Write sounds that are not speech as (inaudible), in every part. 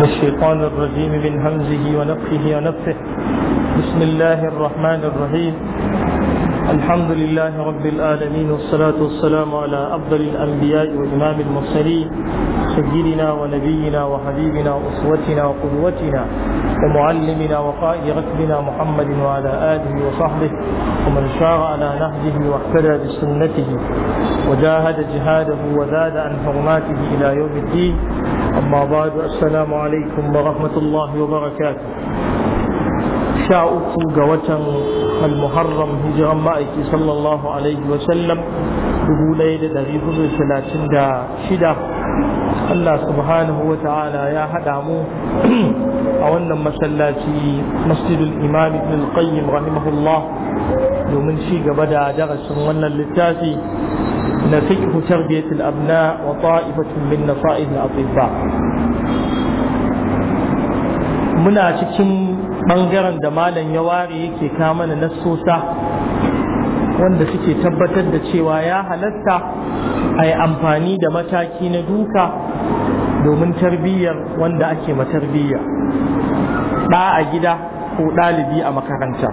الشيطان الرجيم من همزه ونفخه ونفخه بسم الله الرحمن الرحيم الحمد لله رب العالمين والصلاة والسلام على أفضل الأنبياء وإمام المرسلين سيدنا ونبينا وحبيبنا وأسوتنا وقدوتنا ومعلمنا وقائد ركبنا محمد وعلى آله وصحبه ومن شار على نهجه واهتدى بسنته وجاهد جهاده وزاد عن حرماته إلى يوم الدين أما بعد السلام عليكم ورحمة الله وبركاته sha uku ga watan al-muharram hijiran ma'aiki sallallahu alaihi wasallam dubu ɗaya da ɗari hudu talatin da shida Allah subhanahu wa ta'ala ya haɗa mu a wannan masallaci masjidul imam ibn al-qayyim rahimahullah domin ci gaba da darasin wannan littafi na fiqh tarbiyatul abna wa ta'ifatun min nasa'id al-atibba muna cikin ɓangaren da malam ya ware yake kama na sosa, wanda suke tabbatar da cewa ya halatta a yi amfani da mataki na duka domin tarbiyyar wanda ake matarbiyya ɗa a gida ko ɗalibi a makaranta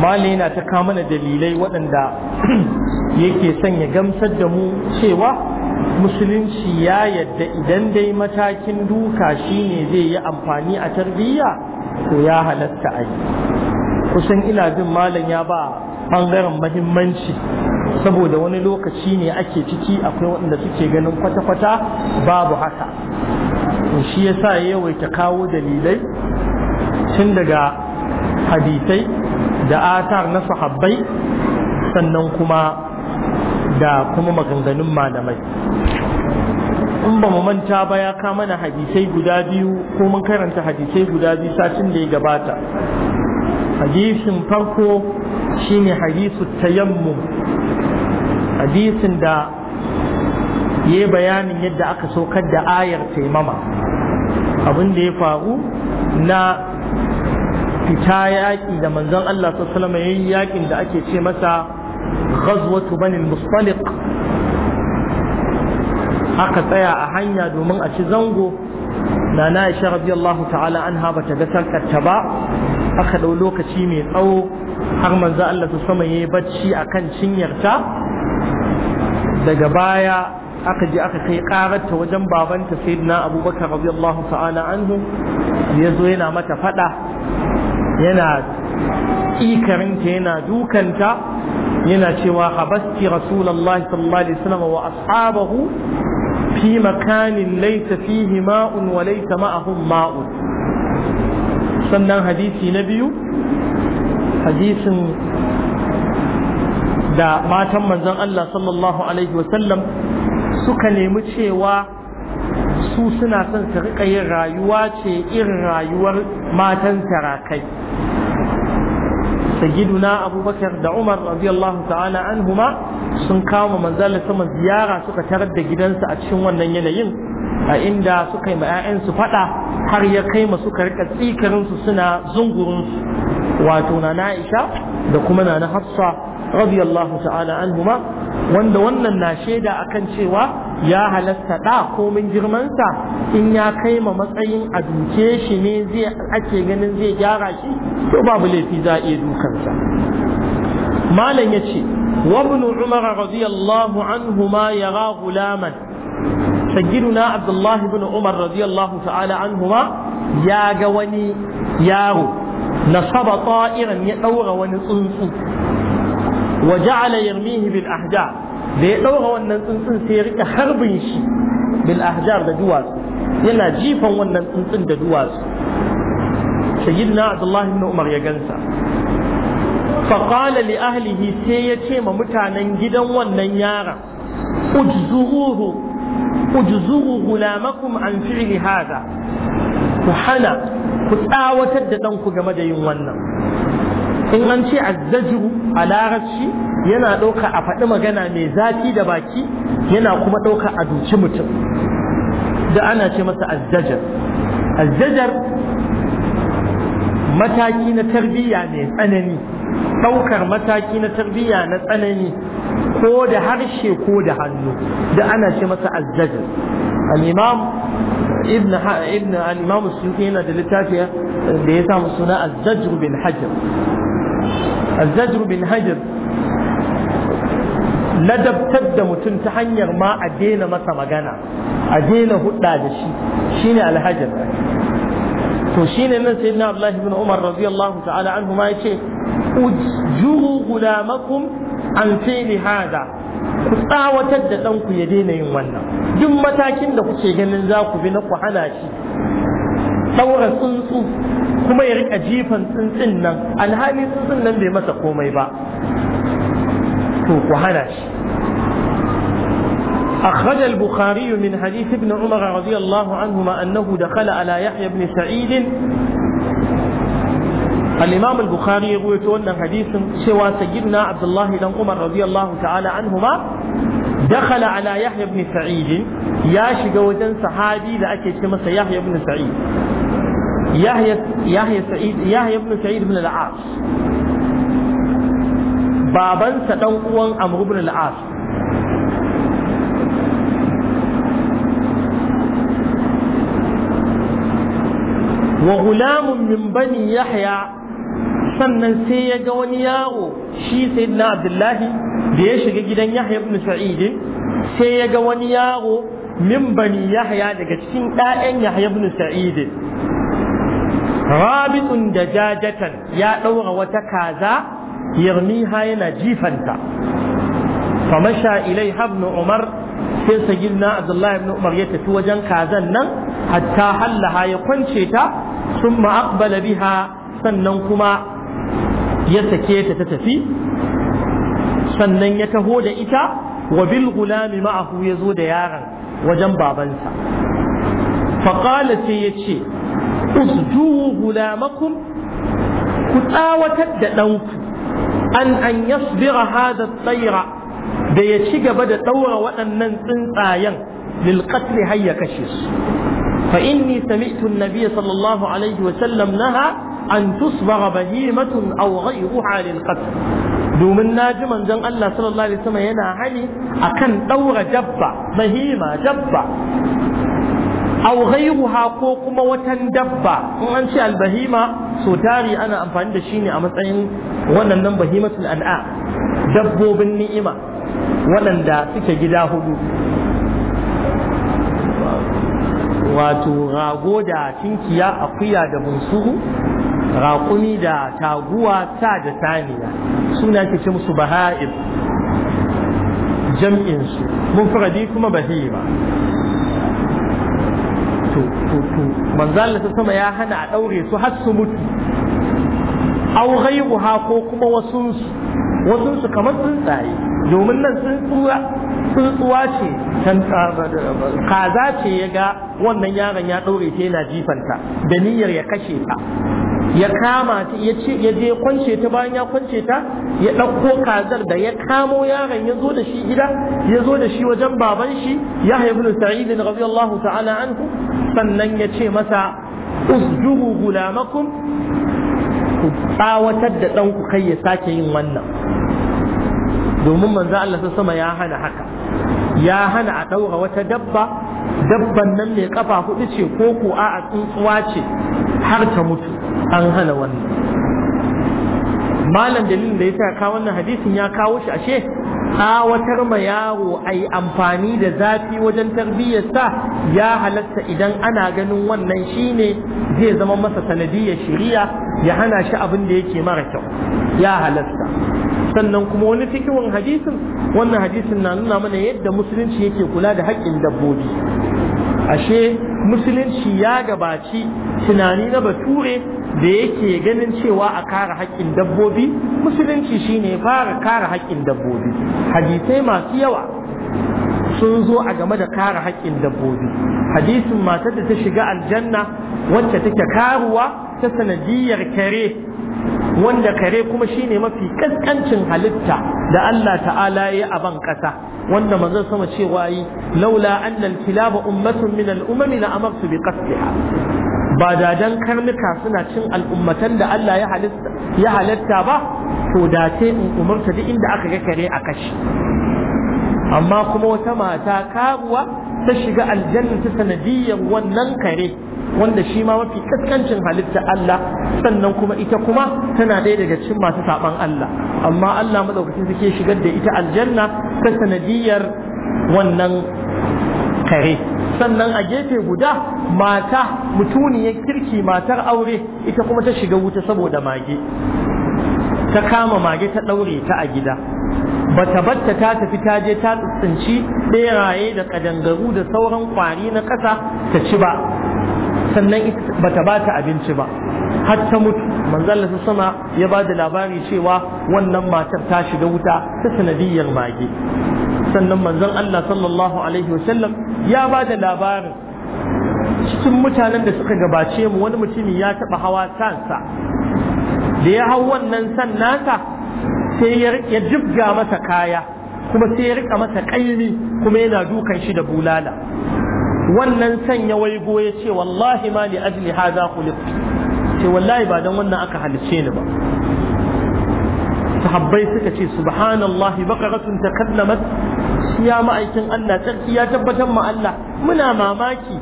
malam yana ta kama na dalilai waɗanda (clears throat) yake sanya gamsar da mu cewa musulunci ya yadda idan dai matakin duka shine zai yi amfani a tarbiyya ko ya halatta a yi kusan ina jin malam ya ba ɓangaren mahimmanci saboda wani lokaci ne ake ciki akwai waɗanda suke ganin kwata-kwata babu haka shi ya sa yawaita kawo dalilai tun daga hadisai da atar na sahabbai sannan kuma da kuma maganganun malamai in ba mu manta ba ya ka mana hadisai guda biyu ko mun karanta hadisai guda biyu satin da ya gabata hadisin farko shine hadisu tayammum hadisin da ya yi bayanin yadda aka saukar da ayar taimama abin da ya faru na fita yaƙi da manzon Allah sallallahu alaihi yaƙin da ake ce masa ghazwatu banil mustaliq aka tsaya a hanya domin a ci zango na na isha radiyallahu ta'ala an haba ta ga sarkarta ba aka ɗau lokaci mai tsawo har manzo Allah su sama yi bacci akan cinyarta daga baya aka je aka kai ƙararta wajen babanta sayyidina abubakar radiyallahu ta'ala anhu ya zo yana mata faɗa yana ikarinta yana dukanta yana cewa habasti rasulallah sallallahu alaihi wasallam wa ashabahu في مكان ليس فيه ماء وليس معهم ماء سنن حديثي نبي حديث da matan manzon Allah sallallahu alaihi suka nemi cewa su suna son su rika yin rayuwa ce irin rayuwar matan sarakai sayyiduna abubakar da umar radiyallahu ta'ala anhuma sun kama manzalin sama ziyara suka tarar da gidansa a cikin wannan yanayin a inda suka yi ma'ya'yansu faɗa har ya kai masu suka tsikarinsu suna zungurinsu wato na na'isha da kuma na na hafsa radiyallahu ta'ala anhuma wanda wannan na shaida akan cewa ya halasta ɗa komin girmansa in ya kai ma matsayin a duke shi ne zai ake ganin zai gyara shi to babu laifi za a iya dukansa malam ya ce وابن عمر رضي الله عنهما يرى غلاما سجلنا عبد الله بن عمر رضي الله تعالى عنهما يا جواني يارو نصب طائرا يدور ونصنص وجعل يرميه بالأحجار ليدور ونصنص سيرك حرب بالأحجار دجواز يلا جيفا ونصنص دجواز سيدنا عبد الله بن عمر يا جنسه faƙala li ahlihi sai ya ce ma mutanen gidan wannan yaran. ujzuruhu ujzuru gulamakum an fi'li hada ku hana ku tsawatar da ɗanku game da yin wannan in an ce azzajru a larabci yana ɗauka a faɗi magana mai zafi da baki yana kuma ɗauka a duci mutum da ana ce masa azzajar azzajar mataki na tarbiyya mai tsanani ɗaukar mataki na tarbiyya na tsanani ko da harshe ko da hannu da ana ce masa azzajir al-imam ibn ibn al-imam suyuti yana da littafi da ya samu suna azzajir bin hajar azzajir bin hajar ladabtar da mutum ta hanyar ma a daina masa magana a daina hudda da shi shine alhajar to shine nan sayyidina abdullahi ibn umar radiyallahu ta'ala anhu ma yace ujuru gulamakum an fili hada ku tsawatar da ɗanku ya daina yin wannan duk matakin da kuke ganin za ku bi na ku hana shi saura tsuntsu kuma ya rika jifan tsuntsun nan alhali tsuntsun nan bai masa komai ba to ku hana shi أخرج البخاري من حديث ابن عمر رضي الله عنهما أنه دخل على يحيى بن سعيد al-imam al-bukhari ya ruwaito wannan hadisin cewa sayyidina abdullahi dan umar radiyallahu ta'ala anhuma دخل على يحيى بن سعيد يا شجوجن صحابي ذا أكيد مس يحيى بن سعيد يحيى يحيى سعيد يحيى بن سعيد بن العاص بابن سدن قوان عمرو بن العاص وغلام من بني يحيى sannan sai ya ga wani yaro shi sayyidina abdullahi da ya shiga gidan yahya ibn sa'id sai ya ga wani yaro min bani yahya daga cikin ɗayan yahya ibn sa'id rabitun da jajatan ya ɗaura wata kaza yarmiha yana jifanta famasha ilai ibn umar sai sagidna abdullahi ibn umar ya tafi wajen kazan nan hatta hallaha ya kwance ta sun biha sannan kuma ya sake ta ta tafi sannan ya taho da ita wa bil gulami ma'ahu ya zo da yaron wajen babansa faƙala sai ya ce usdu gulamakum ku tsawatar da ɗanku an an yasbira hada tsaira da ya ci gaba da ɗaura waɗannan tsuntsayen lilƙasri har ya kashe su fa inni sami'tu an-nabiy sallallahu alaihi wa sallam naha an tusbagha bahimatun aw ghayruha lil qatl domin na ji manzon Allah sallallahu alaihi wasallam yana hani akan daura dabba bahima dabba aw ghayruha ko kuma watan dabba in an ce al bahima so tari ana amfani da shi ne a matsayin wannan nan bahimatul an'a dabbobin ni'ima waɗanda suke gida hudu wato rago da tinkiya akuya da bunsuru raƙumi da taguwa ta da saniya suna ke ce musu baha'ib jam'insu mufradi kuma bahima to to to manzalla sama ya hana a ɗaure su har su mutu au ghayruha ko kuma wasunsu su kamar tsuntsaye domin nan sun tsuwa ce kaza ce ya ga wannan yaron ya ɗaure ta yana jifanta da niyyar ya kashe ta ya kama ta ya ce ya je kwance ta bayan ya kwance ta ya ɗauko kazar da ya kamo yaron ya zo da shi gida ya zo da shi wajen baban shi ya haifu da sa'idin radiyallahu ta'ala anhu sannan ya ce masa usjuhu gulamakum ku tsawatar da ɗanku kai ya sake yin wannan domin manzo Allah sama ya hana haka ya hana a ɗaura wata dabba dabban nan mai kafa hudu ce ko ko a tsuntsuwa ce har ta mutu an hana wannan malam dalilin da ya sa kawo wannan hadisin ya kawo shi ashe awatar ma yaro a amfani da zafi wajen sa ya halatta idan ana ganin wannan shine zai zama masa sanadiyar shirya ya hana shi abin da yake mara kyau ya halatta sannan kuma wani fikirin hadisin wannan hadisin na nuna mana yadda musulunci yake kula da haƙƙin dabbobi ashe musulunci ya gabaci tunani na bature da yake ganin cewa a kare haƙƙin dabbobi musulunci shine fara kare haƙƙin dabbobi hadisai masu yawa sun zo a game da kare haƙƙin dabbobi hadisin matar da ta shiga aljanna wacce take karuwa ta sanadiyar kare wanda kare kuma shine mafi ƙasƙancin halitta da Allah ta'ala ya a ban ƙasa wanda manzo sama cewa yi laula annal kilaba ummatun min al-umami la amartu bi qasliha ba da karnuka suna cin al'ummatan da Allah ya halitta halatta ba to da ce in umarta duk inda aka ga kare a kashi amma kuma wata mata karuwa ta shiga aljanna ta sanadiyyar wannan kare wanda shi ma mafi kaskancin halitta Allah sannan kuma ita kuma tana ɗaya daga cikin masu saɓan Allah amma Allah madaukakin suke shigar da ita aljanna ta sanadiyyar wannan kare sannan a gefe guda mata mutuniyar kirki matar aure ita kuma ta shiga wuta saboda mage ta kama mage ta ɗaure ta a gida bata batta ta tafi ta je ta tsinci ɓeraye da ƙadangaru da sauran kwari na ƙasa ta ci ba sannan bata ba ta abinci ba har ta mutu manzalla su sama ya ba da labari cewa wannan matar ta shiga wuta ta sanadiyyar mage sannan manzon Allah sallallahu alaihi wasallam ya ba da labarin cikin mutanen da suka gabace mu wani mutumi ya taɓa hawa sansa da ya hau wannan san nasa sai ya jibga masa kaya kuma sai ya rika masa ƙaimi kuma yana dukan shi da bulala wannan san ya waigo ya ce wallahi ma li ajli hadha khuliqtu Sai wallahi ba dan wannan aka halice ni ba sahabbai suka ce subhanallahi baqaratun takallamat ya ma'aikin Allah sarki ya tabbatar ma Allah muna mamaki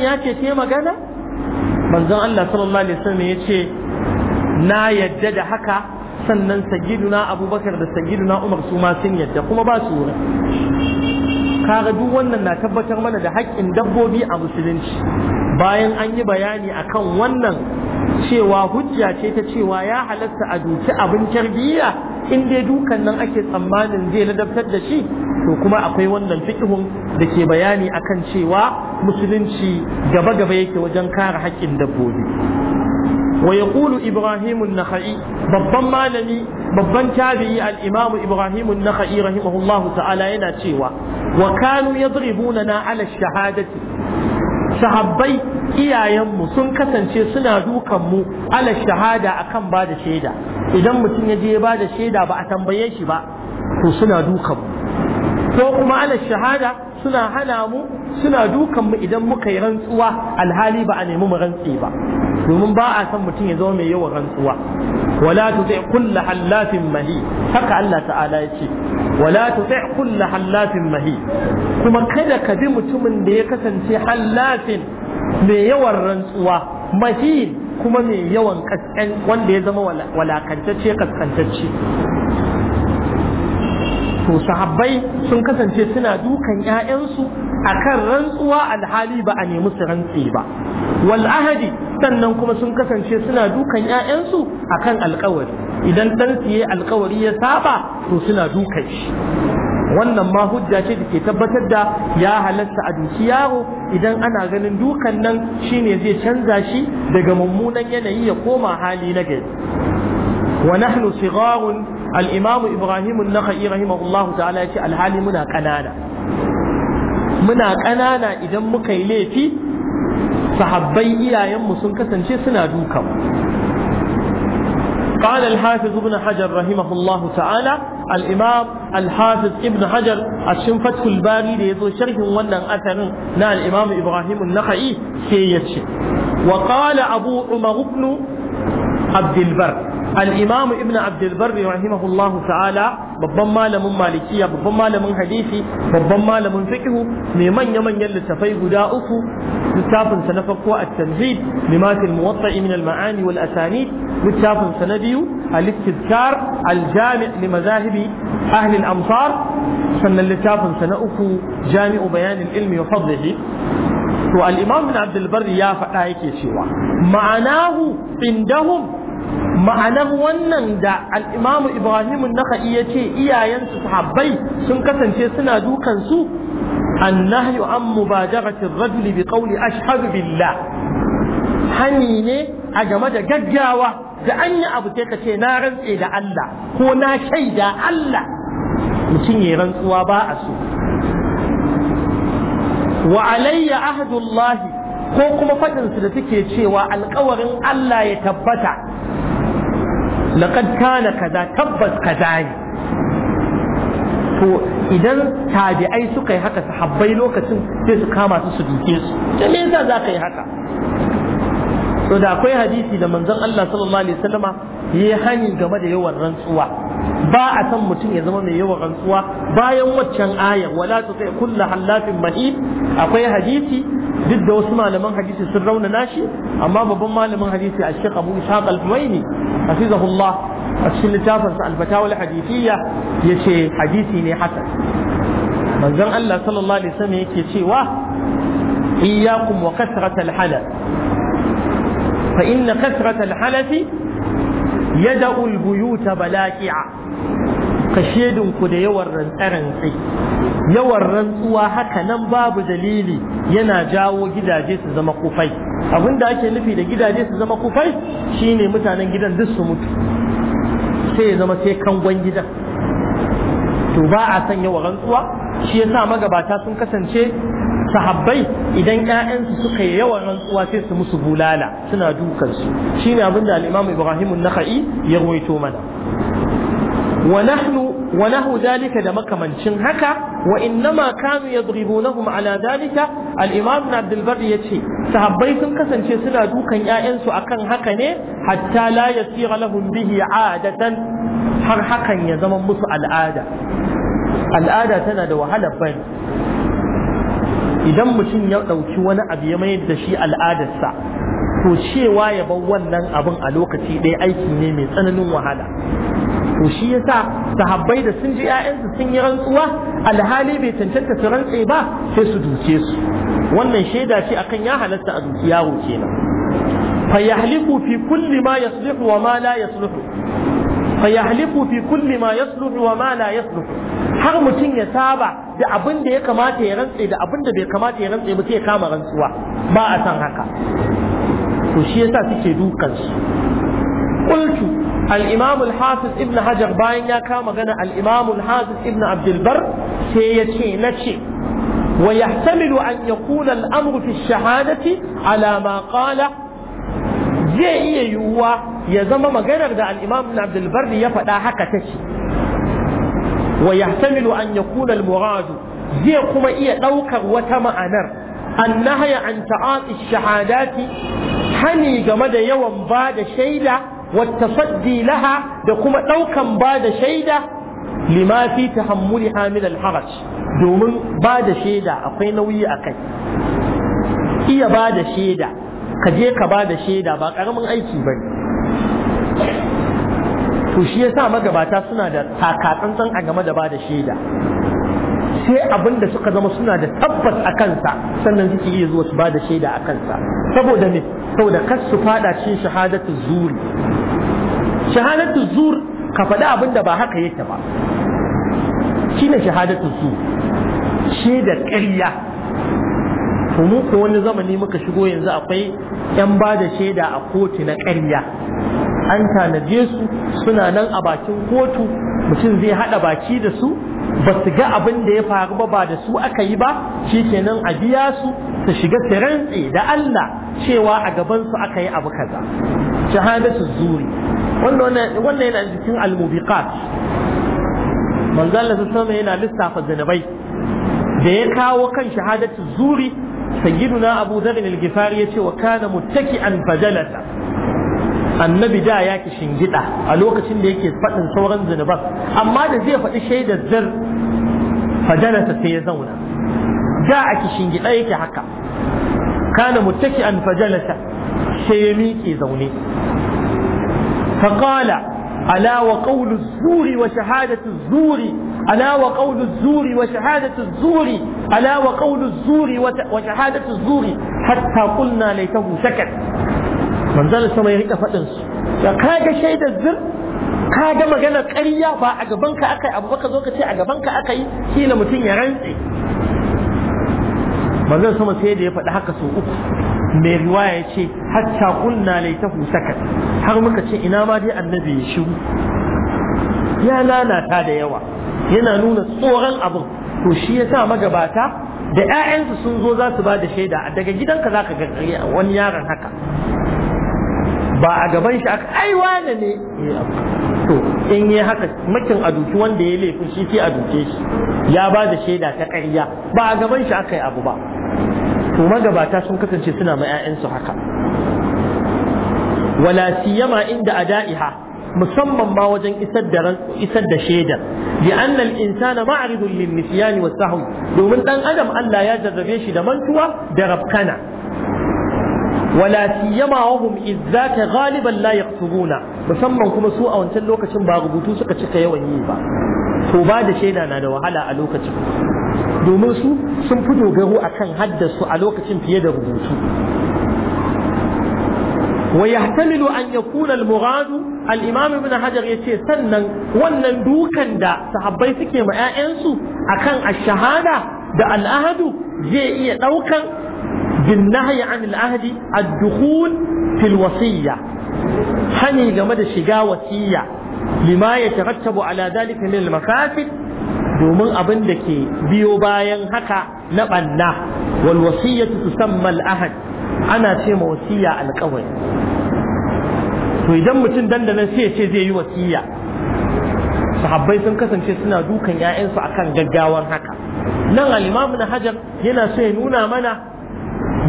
ya ce ta magana manzon Allah sallallahu alaihi wasallam ya ce na yadda da haka sannan sagiduna abubakar da sagiduna umar su ma sun yadda kuma ba su kaga duk wannan na tabbatar mana da haƙƙin dabbobi a musulunci bayan an yi bayani akan wannan cewa hujja ce ta cewa ya halatta a duki abin tarbiyya in dai dukan nan ake tsammanin zai ladabtar da shi to kuma akwai wannan fiqhun da ke bayani akan cewa musulunci gaba gaba yake wajen kare haƙƙin dabbobi wa yaqulu ibrahim an-nakhai babban malami babban tabi'i al-imam ibrahim an-nakhai rahimahullahu ta'ala yana cewa wa kanu yadribuna na ala shahadati sahabbai iyayenmu sun kasance suna dukan mu ala shahada akan ba da shaida idan mutum ya je ba shaida ba a tambaye shi ba to suna dukan ko kuma ala shahada suna hana mu suna dukan mu idan muka yi rantsuwa alhali ba a nemi mu rantsi ba domin ba a san mutum ya zama mai yawan rantsuwa wala tuti kullu hallafin mahi haka Allah ta'ala ya ce wala tuti kullu hallafin mahi kuma kada ka bi mutumin da ya kasance hallafin mai yawan rantsuwa mahi kuma mai yawan kaskan wanda ya zama walakantacce kaskantacce to sahabbai sun kasance suna dukan ‘ya'yansu a kan rantsuwa alhali ba a nemi su rantse ba wal ahadi sannan kuma sun kasance suna dukan ‘ya'yansu a kan alkawari idan ɗan siye alkawari ya saba to suna dukan shi wannan ma hujja ce da ke tabbatar da ya halatta a duki yaro idan ana ganin dukan nan shine zai canza shi daga mummunan yanayi ya koma hali na gari nahnu صغار Al'imamu imamu ibrahim an-nakhai rahimahullahu ta'ala yace alhali muna kanana muna ƙanana idan muka yi laifi sahabbai iyayenmu sun kasance suna dukan قال الحافظ ابن حجر رحمه الله تعالى الإمام الحافظ ابن حجر أشم فتح الباري ليزو شرح ونن أثر نا الإمام إبراهيم النخعي سيتش وقال أبو عمر عبد البر الإمام ابن عبد البر رحمه الله تعالى ببما لم مالكية ببما لم حديثي ببما لم فكه ممن يمن يل تفي هداؤه كتاب سنفق التمهيد لمات الموطئ من المعاني والأسانيد كتاب سندي الاستذكار الجامع لمذاهب أهل الأمصار سن الكتاب سنأف جامع بيان العلم وفضله والإمام ابن عبد البر يا فتاة معناه عندهم ma'anar wannan da al'imamu ibrahim naka'i ya ce iyayensu sahabbai sun kasance suna dukansu annahu an mubadaratin rajuli bi qawli ashhadu billah hani ne a game da gaggawa da an yi abu sai ka ce na rantse da Allah ko na shaida Allah mutum ya rantsuwa ba a so wa alayya ahdullahi ko kuma faɗinsu da suke cewa alkawarin Allah ya tabbata laƙad kana kaza tabbas kaza ne to idan tabi'ai suka yi haka sahabbai lokacin sai su kama su su duke su da me yasa za ka yi haka to da akwai hadisi da manzon Allah sallallahu alaihi wasallama yi hani game da yawan rantsuwa ba a san mutum ya zama mai yawan rantsuwa bayan waccan aya wala tuti kullu halafin mahid akwai hadisi duk da wasu malaman hadisi sun rauna nashi amma babban malamin hadisi a shek abu ishaq al-huwaini hafizahullah a cikin littafinsa al-fatawa al-hadithiyya yace hadisi ne hasan manzon Allah sallallahu alaihi wasallam yake cewa iyyakum wa kasrat al-halal fa inna kasrat al-halafi yad'u al-buyut balaqi'a kashedun ku da yawan rantsarantsi yawan rantsuwa haka nan babu dalili yana jawo gidaje su zama kufai abin da ake nufi da gidaje su zama kufai shine mutanen gidan duk su mutu sai ya zama sai kangon gidan to ba a san yawan rantsuwa shi yasa magabata sun kasance sahabbai idan ƴaƴansu suka yi yawan rantsuwa sai su musu bulala suna dukansu shine abin da al-Imam Ibrahim nakhai ya rawaito mana Wanahu dalika da makamancin haka wa innama kanu yadribunahum ala dalika al-imam ibn abd al yace sahabbai sun kasance suna dukan 'ya'yansu akan haka ne hatta la yasira lahum bihi adatan har hakan ya zama musu al'ada al'ada tana da wahalar bani idan mutum ya ɗauki wani abu ya mayar da shi al'adarsa to cewa ya bar wannan abun a lokaci ɗaya aiki ne mai tsananin wahala to shi yasa sahabbai da sun ji ƴaƴansu sun yi rantsuwa alhali bai cancanta su rantse ba sai su duke su wannan shaida ce akan ya halatta a duki yaro kenan fa yahliku fi kulli ma yaslihu wa ma la yaslihu fa yahliku fi kulli ma yaslihu wa ma la yaslihu har mutum ya saba da abin da ya kamata ya rantse da abin da bai kamata ya rantse ba sai ya kama rantsuwa ba a san haka to shi yasa suke dukan su qultu al hafiz ibn hajar bayan ya kama magana al-imam al-hafiz ibn abdul bar ya ce nace wa yahtamilu an yakuna al-amru fi shahadati ala ma qala zai iya yiwuwa ya zama maganar da al-imam ya faɗa haka tace. wa an yakuna al-murad zai kuma iya ɗaukar wata ma'anar an nahaya an ta'ati shahadati hani game da yawan bada da shaida والتصدي لها دكما Limafi بعد شيدة لما في Domin حامل الحرج دومن بعد شيدة أقين وي أقين إيا بعد شيدة كجيك بعد شيدة باك أغمى أي شيء بني to ya sa magabata suna da takatsantsan a game da bada shaida sai abin da suka zama suna da tabbas a kansa sannan suke iya zuwa su bada shaida a kansa saboda me saboda kar su fada cikin shahadatu zuri shahadatu zur ka faɗi abin da ba haka yake ba shi shine shahadatu zur shaidar ƙarya to mu ko wani zamani muka shigo yanzu akwai yan ba da shaida a kotu na ƙarya an tanaje su suna nan a bakin kotu mutum zai haɗa baki da su ba su ga abin da ya faru ba ba da su aka yi ba kenan a biya su su shiga su rantse da Allah cewa a gaban su aka yi abu kaza su zuri wannan yana jikin almubiqat manzo Allah sallallahu yana lissafa zanabai da ya kawo kan shahadatu zuri sayyiduna abu dharr al-ghifari yace wa kana muttaki'an fajalasa annabi da ya ki shingida a lokacin da yake faɗin sauran zunuban amma da zai faɗi shaidar zir fajalasa sai ya zauna da a ki shingida yake haka kana muttaki an fajalasa sai ya miƙe zaune فقال ألا وقول الزور وشهادة zuri ألا وقول الزور وشهادة الزور ألا وقول الزور وشهادة الزور حتى قلنا ليته سكت manzon sama ya rika faɗin su da kaga shaidar zir ka ga magana ƙarya ba a gaban ka aka abu baka zo ka ce a gaban ka aka yi kila mutum ya rantse manzon sama sai da ya faɗi haka sau uku mai riwaya ya ce hatta kunna laitahu sakat har muka ce ina ma dai annabi ya shiru ya lalata da yawa yana nuna tsoron abin to shi ya sa magabata da 'ya'yansu sun zo za su ba da shaida daga gidanka za ka ga wani yaron haka ba a gaban shi aka ai wane ne eh, to in yi haka mutum a duki wanda ya laifin shi sai a duke shi ya ba da shaida ta ƙarya ba a gaban shi aka yi abu ba to magabata sun kasance suna ma 'ya'yansu haka wala siyama inda a ada'iha musamman ma wajen isar da ran isar da shaida bi anna insana ma'ridun lin wa domin dan adam Allah ya jarrabe shi da mantuwa da rafkana wala siyama wahum izzaka ghaliban la yaktubuna musamman kuma su a wancan lokacin ba rubutu suka cika yawan yi ba to ba da shaida na da wahala a lokacin domin su sun fi dogaro akan haddasu a lokacin fiye da rubutu wa yahtamilu an al muradu al imam ibn hajar yace sannan wannan dukan da sahabbai suke ma 'ya'yansu akan ash-shahada da al'adu zai iya ɗaukan. بالنهي عن العهد الدخول في الوصية حني جمد شقا وصية لما يترتب على ذلك من المفاسد domin abin da ke biyo bayan haka na ɓanna wal wasiyyatu tusamma al ana ce ma wasiya alƙawari to idan mutum dandanan sai zai yi wasiyya. sahabbai sun kasance suna dukan 'ya'yansu akan gaggawar haka nan al-imam hajar yana so ya nuna mana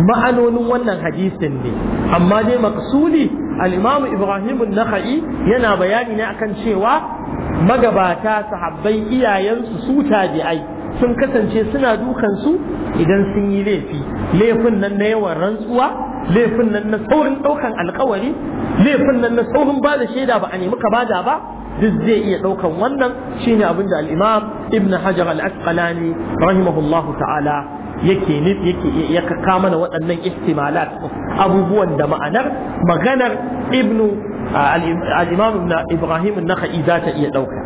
ma'anonin wannan hadisin ne amma dai maksudi al'imamu ibrahim an yana bayani ne akan cewa magabata sahabbai iyayensu su tabi'ai sun kasance suna dukan su idan sun yi laifi laifin nan na yawan rantsuwa laifin nan na saurin daukan alkawari laifin nan na saurin ba da shaida ba a nemi ka bada ba duk zai iya ɗaukan wannan shine abin da al'imam ibn hajar al-asqalani rahimahullahu ta'ala yake yake ya kaka mana waɗannan ihtimalat abubuwan da ma'anar maganar ibnu al-imam ibrahim na nakhai za ta iya ɗauka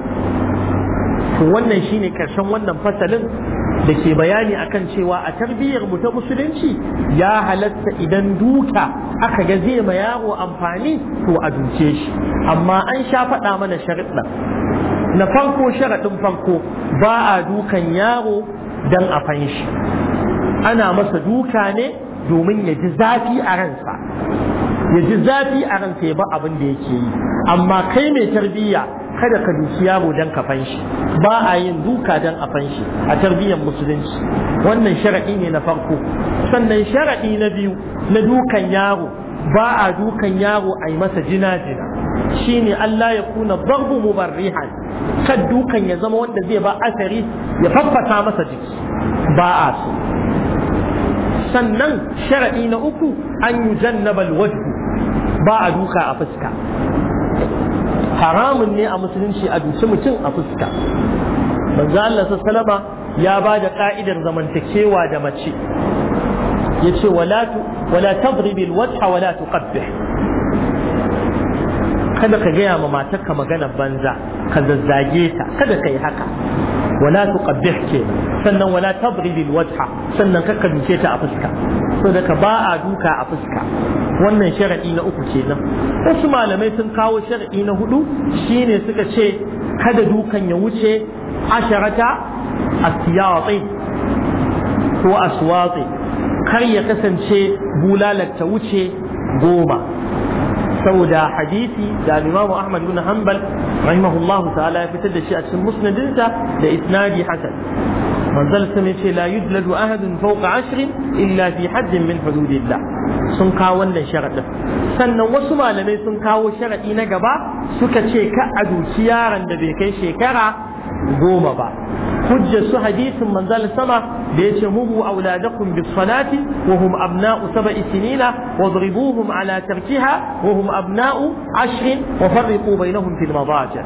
wannan shine karshen wannan fasalin da ke bayani akan cewa a tarbiyyar mu ta musulunci ya halatta idan duka aka ga zai ma yaro amfani to a duke shi amma an sha faɗa mana sharuɗa na farko sharaɗin farko ba a dukan yaro don a fanshi ana masa duka ne domin ya ji zafi a ransa ya ji zafi a ransa ya ba abin da yake yi amma kai mai tarbiyya kada ka duki yaro don ka fanshi ba a yin duka don a fanshi a tarbiyyar musulunci wannan sharaɗi ne na farko sannan sharaɗi na biyu na dukan yaro ba a dukan yaro a yi masa jina-jina shine Allah ya kuna barbu mubarrihan kan dukan ya zama wanda zai ba asari ya faffata masa jiki ba a so sannan sharaɗi na uku an yi jannabal wajhu ba a duka a fuska haramun ne a musulunci a dusi mutum a fuska manzo Allah sallama ya ba da ka'idar zamantakewa da mace yace wala wala tadrib alwajha wala tuqabbih kada ka gaya ma matarka maganar banza ka zazzage ta kada ka yi haka wala tuqabbih ke sannan wala tabril alwajha sannan kakka duke ta a fuska so ka ba a duka a fuska wannan shara'i na uku kenan wasu malamai sun kawo shara'i na hudu shine suka ce kada dukan ya wuce asharata asiyati ko aswati kar ya kasance bulalar ta wuce goma saboda hadisi da Imam Ahmad bin Hambal. rahimahullahu ta'ala ya fitar da shi a cikin musnadinsa da isnadi hasan manzal sun ce la yudladu ahadun fauka ashirin illa fi haddin min hududillah sun kawo wannan sharadin sannan wasu malamai sun kawo sharaɗi na gaba suka ce ka a duki yaron da bai kai shekara goma ba hujja su hadisin manzal sama da ya ce muhu auladakum bis salati wa hum abna'u sab'i sinina wa dribuhum ala tarkiha wa hum abna'u ashrin wa farriqu bainahum fil madaji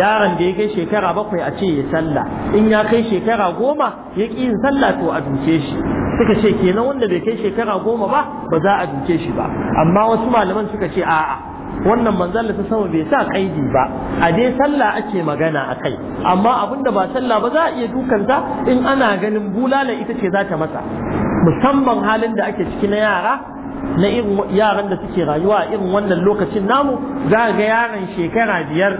yaron da ya kai shekara bakwai a ce ya sallah in ya kai shekara goma ya ki yin sallah to a duke shi suka ce kenan wanda bai kai shekara goma ba ba za a duke shi ba amma wasu malaman suka ce a'a wannan manzon ta sama bai sa kaidi ba a dai sallah ake magana a kai amma abinda ba sallah ba za a iya dukanta in ana ganin bulala ita ce za ta masa musamman halin da ake ciki na yara na irin yaran da suke rayuwa a irin wannan lokacin namu za ga yaran shekara biyar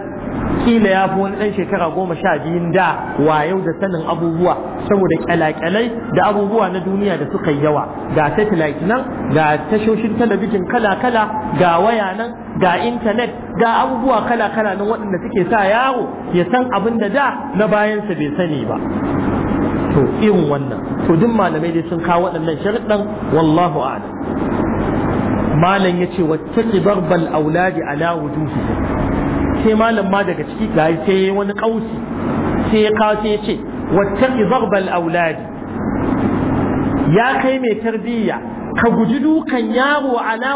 kila ya fi wani ɗan shekara goma sha biyun da wayau da sanin abubuwa saboda kyalakyalai da abubuwa na duniya da suka yawa ga satellite nan ga tashoshin talabijin kala-kala ga waya nan ga intanet ga abubuwa kala-kala nan waɗanda suke sa yawo ya san abin da da na bayansa bai sani ba to irin wannan to duk malamai dai sun kawo waɗannan sharuɗan wallahu a'lam malam yace wattaqi darbal auladi ala wujuhihim sai malam ma daga ciki ga sai wani kausi sai ya kawo sai ya ce wattaqi zaghbal auladi ya kai mai tarbiyya ka guji dukan yaro ala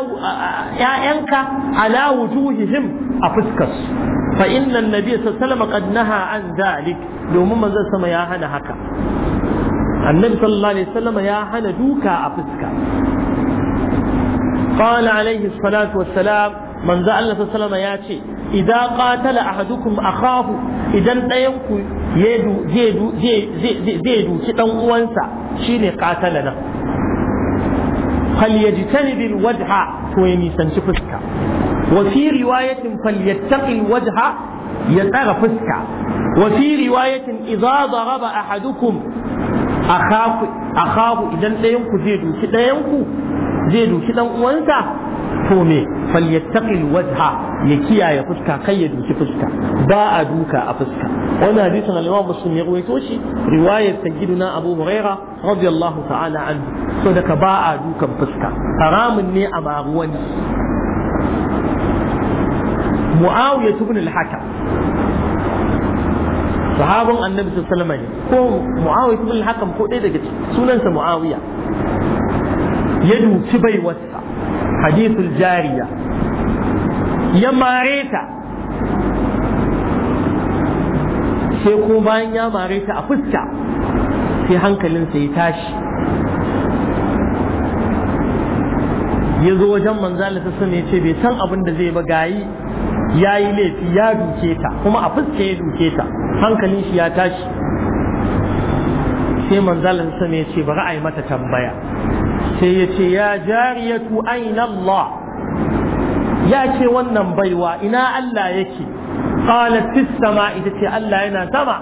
ƴaƴanka ala wujuhihim a fuskarsu fa inna annabi sallallahu qad naha an dalik domin manzon sama ya hana haka annabi sallallahu alaihi wasallam ya hana duka a fuska qala alaihi salatu wassalam manzo Allah sallallahu alaihi wasallam ya ce idan katala a hadukun akahu idan ɗayanku zai duki ɗan uwansa shine katala nan falyaji tanibin wadha to ya nisanci fuska wafi riwayatin falyattakin wadha ya tsara fuska wafi riwayatin raba zaraba ahadukum akahu idan ɗayanku zai duki ɗayanku zai duki ɗan uwansa to me falyattaqil wajha ya kiyaye fuska kai ya duki fuska ba a duka a fuska wannan hadisin al-Imam Muslim ya rawaito shi riwayar sayyidina Abu Huraira radiyallahu ta'ala anhu so daga ba a dukan fuska haramun ne a maruwan Muawiya ibn al-Hakam sahabin annabi sallallahu alaihi wasallam ko Muawiya ibn al-Hakam ko ɗaya daga sunansa Muawiya ya duki baiwarsa hadithul jariya ya mare ta sai ko bayan ya mare ta a fuska sai hankalinsa ya tashi ya zo wajen manzala ta sama ce bai san abin da zai ba gayi ya yi laifi ya duke ta kuma a fuska ya duke ta hankalin shi ya tashi sai manzala ta sama ce bari a yi mata tambaya sai ya ce ya jariyatu aina Allah ya ce wannan baiwa ina Allah yake qalat fis sama ita ce Allah yana sama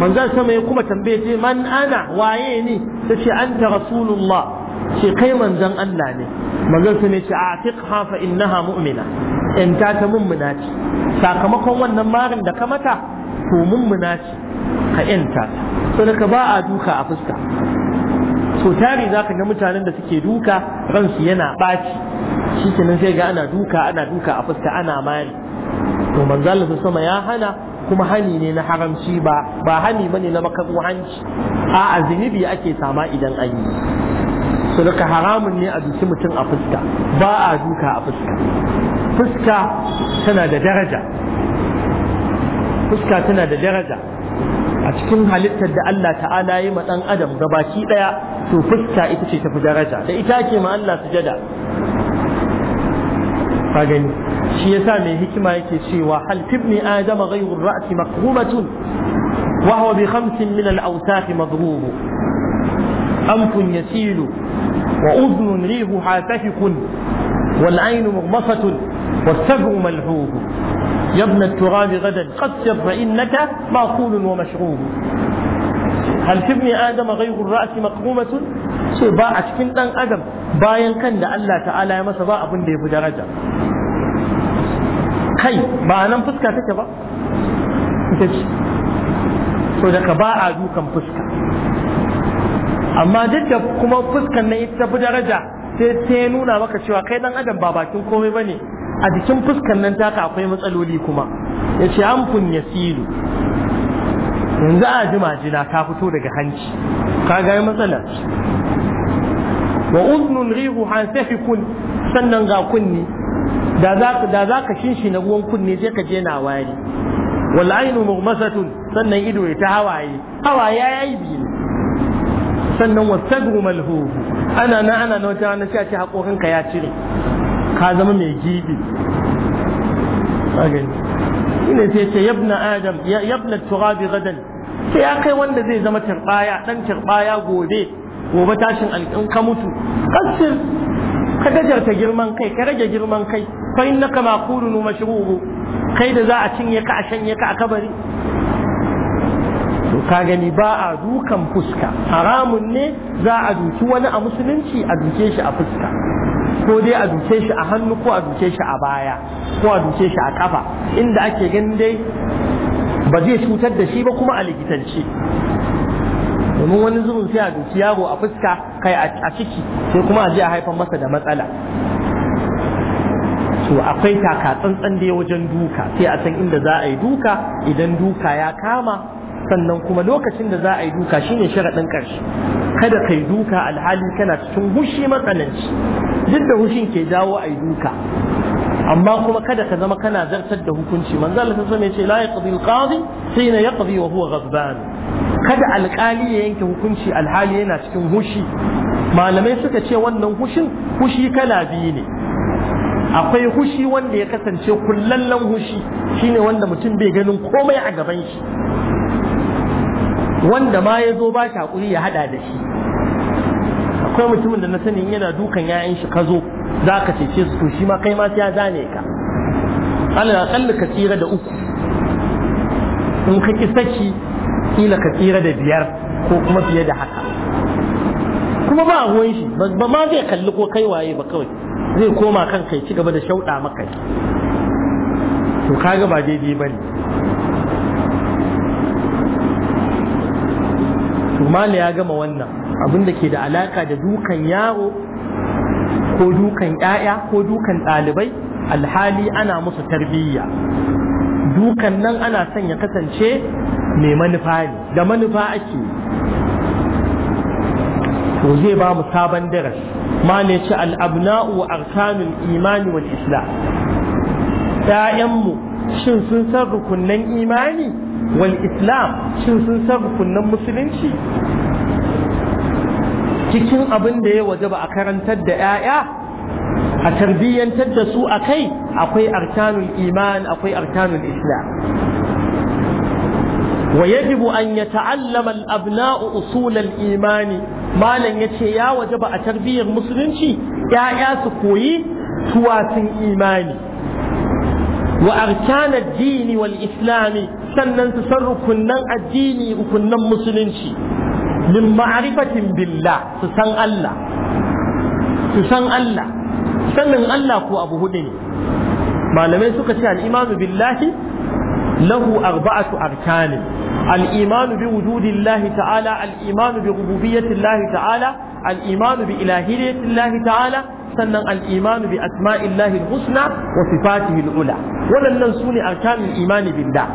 manzon sama ya kuma tambaye ce man ana waye ni tace anta rasulullah ce kai manzan Allah ne manzon sama ya ce atiqha hafa innaha mu'mina in ta ta mummuna ce sakamakon wannan marin da ka mata to mummuna ce ka yanta ta so ka ba a duka a fuska so tari za ka ga mutanen da suke duka ransu yana ɓaci shi kenan sai ga ana duka ana duka a fuska ana mari to manzala su sama ya hana kuma hani ne na haramci ba ba hani bane na makaruhanci a zunubi ake sama idan an yi so daga haramun ne a duki mutum a fuska ba a duka a fuska fuska tana da daraja fuska tana da daraja a cikin halittar da Allah ta'ala yi ma ɗan adam gabaki ɗaya to fuska ita ce tafi daraja da ita ke ma Allah sujada ka gani shi yasa mai hikima yake cewa hal tibni adama ghayru ra'si maqhumatun wa huwa bi khamsin min al-awsakh madhrubu anfun yasilu wa udhnun rihuha tafikun والعين مغمصة والسبع ملحوب يا ابن التراب غدا قد سر فإنك مأكول ومشغوب hal fi ibn adam ghayru ra'si maqmumatun ce ba a cikin dan adam bayan kan da Allah ta'ala ya masa ba abin da daraja kai ba nan fuska take ba ita ce so daga ba a dukan fuska amma duk da kuma fuskan nan ita fi daraja sai sai nuna maka cewa kai dan adam ba bakin komai bane a jikin fuskan nan taka akwai matsaloli kuma yace amfun yasilu yanzu a ji majina ta fito daga hanci ka ga matsalar wa uznun rihu han kun sannan ga kunni da za ka shinshi na ruwan kunni sai ka je na wari wal ainu mughmasatun sannan ido ya ta hawaye hawaye yayi biyu sannan wasadru malhuhu ana na ana na wata na sai a ce hakokin ka ya cire ka zama mai gibi shine sai ce yabna adam ya yabna turabi gadan sai ya kai wanda zai zama turbaya dan turbaya gobe gobe tashin alƙin ka mutu kasir ka gajarta girman kai ka rage girman kai fa innaka maqulun mashrubu kai da za a cinye ka a shanye ka a kabari to ka gani ba a dukan fuska haramun ne za a duki wani a musulunci a duke shi a fuska ko dai a duke shi a hannu ko a duke shi a baya ko a duke shi a kafa inda ake ganin dai ba zai cutar da shi ba kuma a likitance domin wani zurun sai a duki yaro a fuska kai a ciki sai kuma a je a haifar masa da matsala to akwai taka tsantsan da wajen duka sai a san inda za a yi duka idan duka ya kama sannan kuma lokacin da za a yi duka shine sharaɗin ƙarshe kada yi duka alhali kana cikin hushi matsananci duk da hushin ke jawo a yi duka amma kuma kada ka zama kana zartar da hukunci manzo Allah sai na wasallam ce la yaqdi alqadi hina yaqdi wa huwa ghadban kada alƙali ya yanke hukunci alhali yana cikin hushi malamai suka ce wannan hushin hushi kala biyu ne akwai hushi wanda ya kasance kullallen hushi shine wanda mutum bai ganin komai a gaban shi wanda ma ya zo ba shi hakuri ya haɗa da shi akwai mutumin da na sani yana dukan 'ya'yan shi ka zo za ka cece su to shi ma kai ma sai ya zane ka Allah kalli ka tsira da uku in ka ki saki kila ka tsira da biyar ko kuma fiye da haka kuma ba ruwan shi ba ma zai kalli ko kai waye ba kawai zai koma kan kai ci gaba da shauɗa maka to kaga ba daidai bane mala ya gama wannan abin da ke da alaka da dukan yaro ko dukan 'ya'ya ko dukan ɗalibai alhali ana musu tarbiyya dukan nan ana son ya kasance mai manufa ne da manufa ake to zai ba mu sabon darasi ma ne ce al'abna'u wa arkanul imani wal islam ‘ya'yanmu shin sun san rukunnan imani wal islam shin sun san rukunnan musulunci cikin abin da ya wajaba a karantar da 'ya'ya a tarbiyyantar da su a kai akwai arkanul iman akwai arkanul islam wa yajibu an ya ta'allama al'abna'u usulal imani malam ya ce ya wajaba a tarbiyyar musulunci 'ya'ya su koyi tuwasin imani wa arkanar dini wal islami sannan su san rukunnan addini rukunnan musulunci min ma'arifatin billah su san Allah su san Allah sanin Allah ko abu hudu ne malamai suka ce al-imanu billahi lahu arba'atu arkani al-imanu bi wujudillahi ta'ala al-imanu bi rububiyyatillahi ta'ala al-imanu bi ilahiyyatillahi ta'ala sannan al bi asma'illahi husna wa sifatihi ula waɗannan su ne arkanin imani billah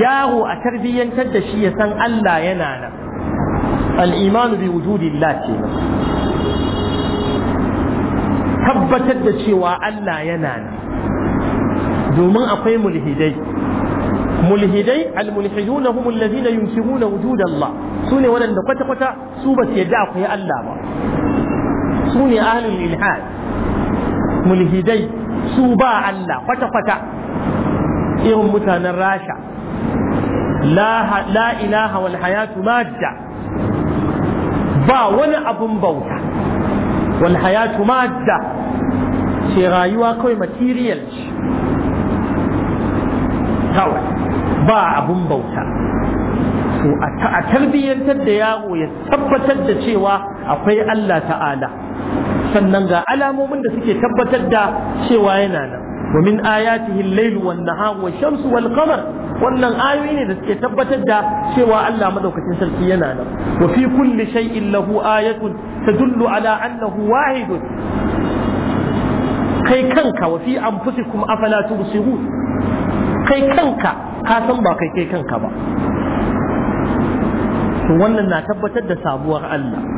yaro a tarbiyyantar da shi ya san Allah yana nan al bi wujudillah ce tabbatar da cewa Allah yana nan domin akwai mulhidai mulhidai almulhiduna hum alladhina yunkiruna wujud Allah sune waɗanda kwata kwata su ba su yadda akwai Allah ba su ne ahlul ilhad mulhidai su ba Allah kwata-kwata irin mutanen rasha la ilaha wal hayatu madda ba wani abun bauta wal hayatu madda ce rayuwa kawai material ce kawai ba abun bauta to a tarbiyyantar da yaro ya tabbatar da cewa akwai Allah ta'ala sannan ga alamomin da suke tabbatar da cewa yana nan wa min ayatihi al-layl wan wal wannan ayoyi ne da suke tabbatar da cewa Allah madaukakin sarki yana nan wa fi kulli shay'in lahu ayatun tadullu ala annahu wahidun kai kanka wa fi anfusikum afala tubsirun kai kanka ka san ba kai kai kanka ba to wannan na tabbatar da sabuwar Allah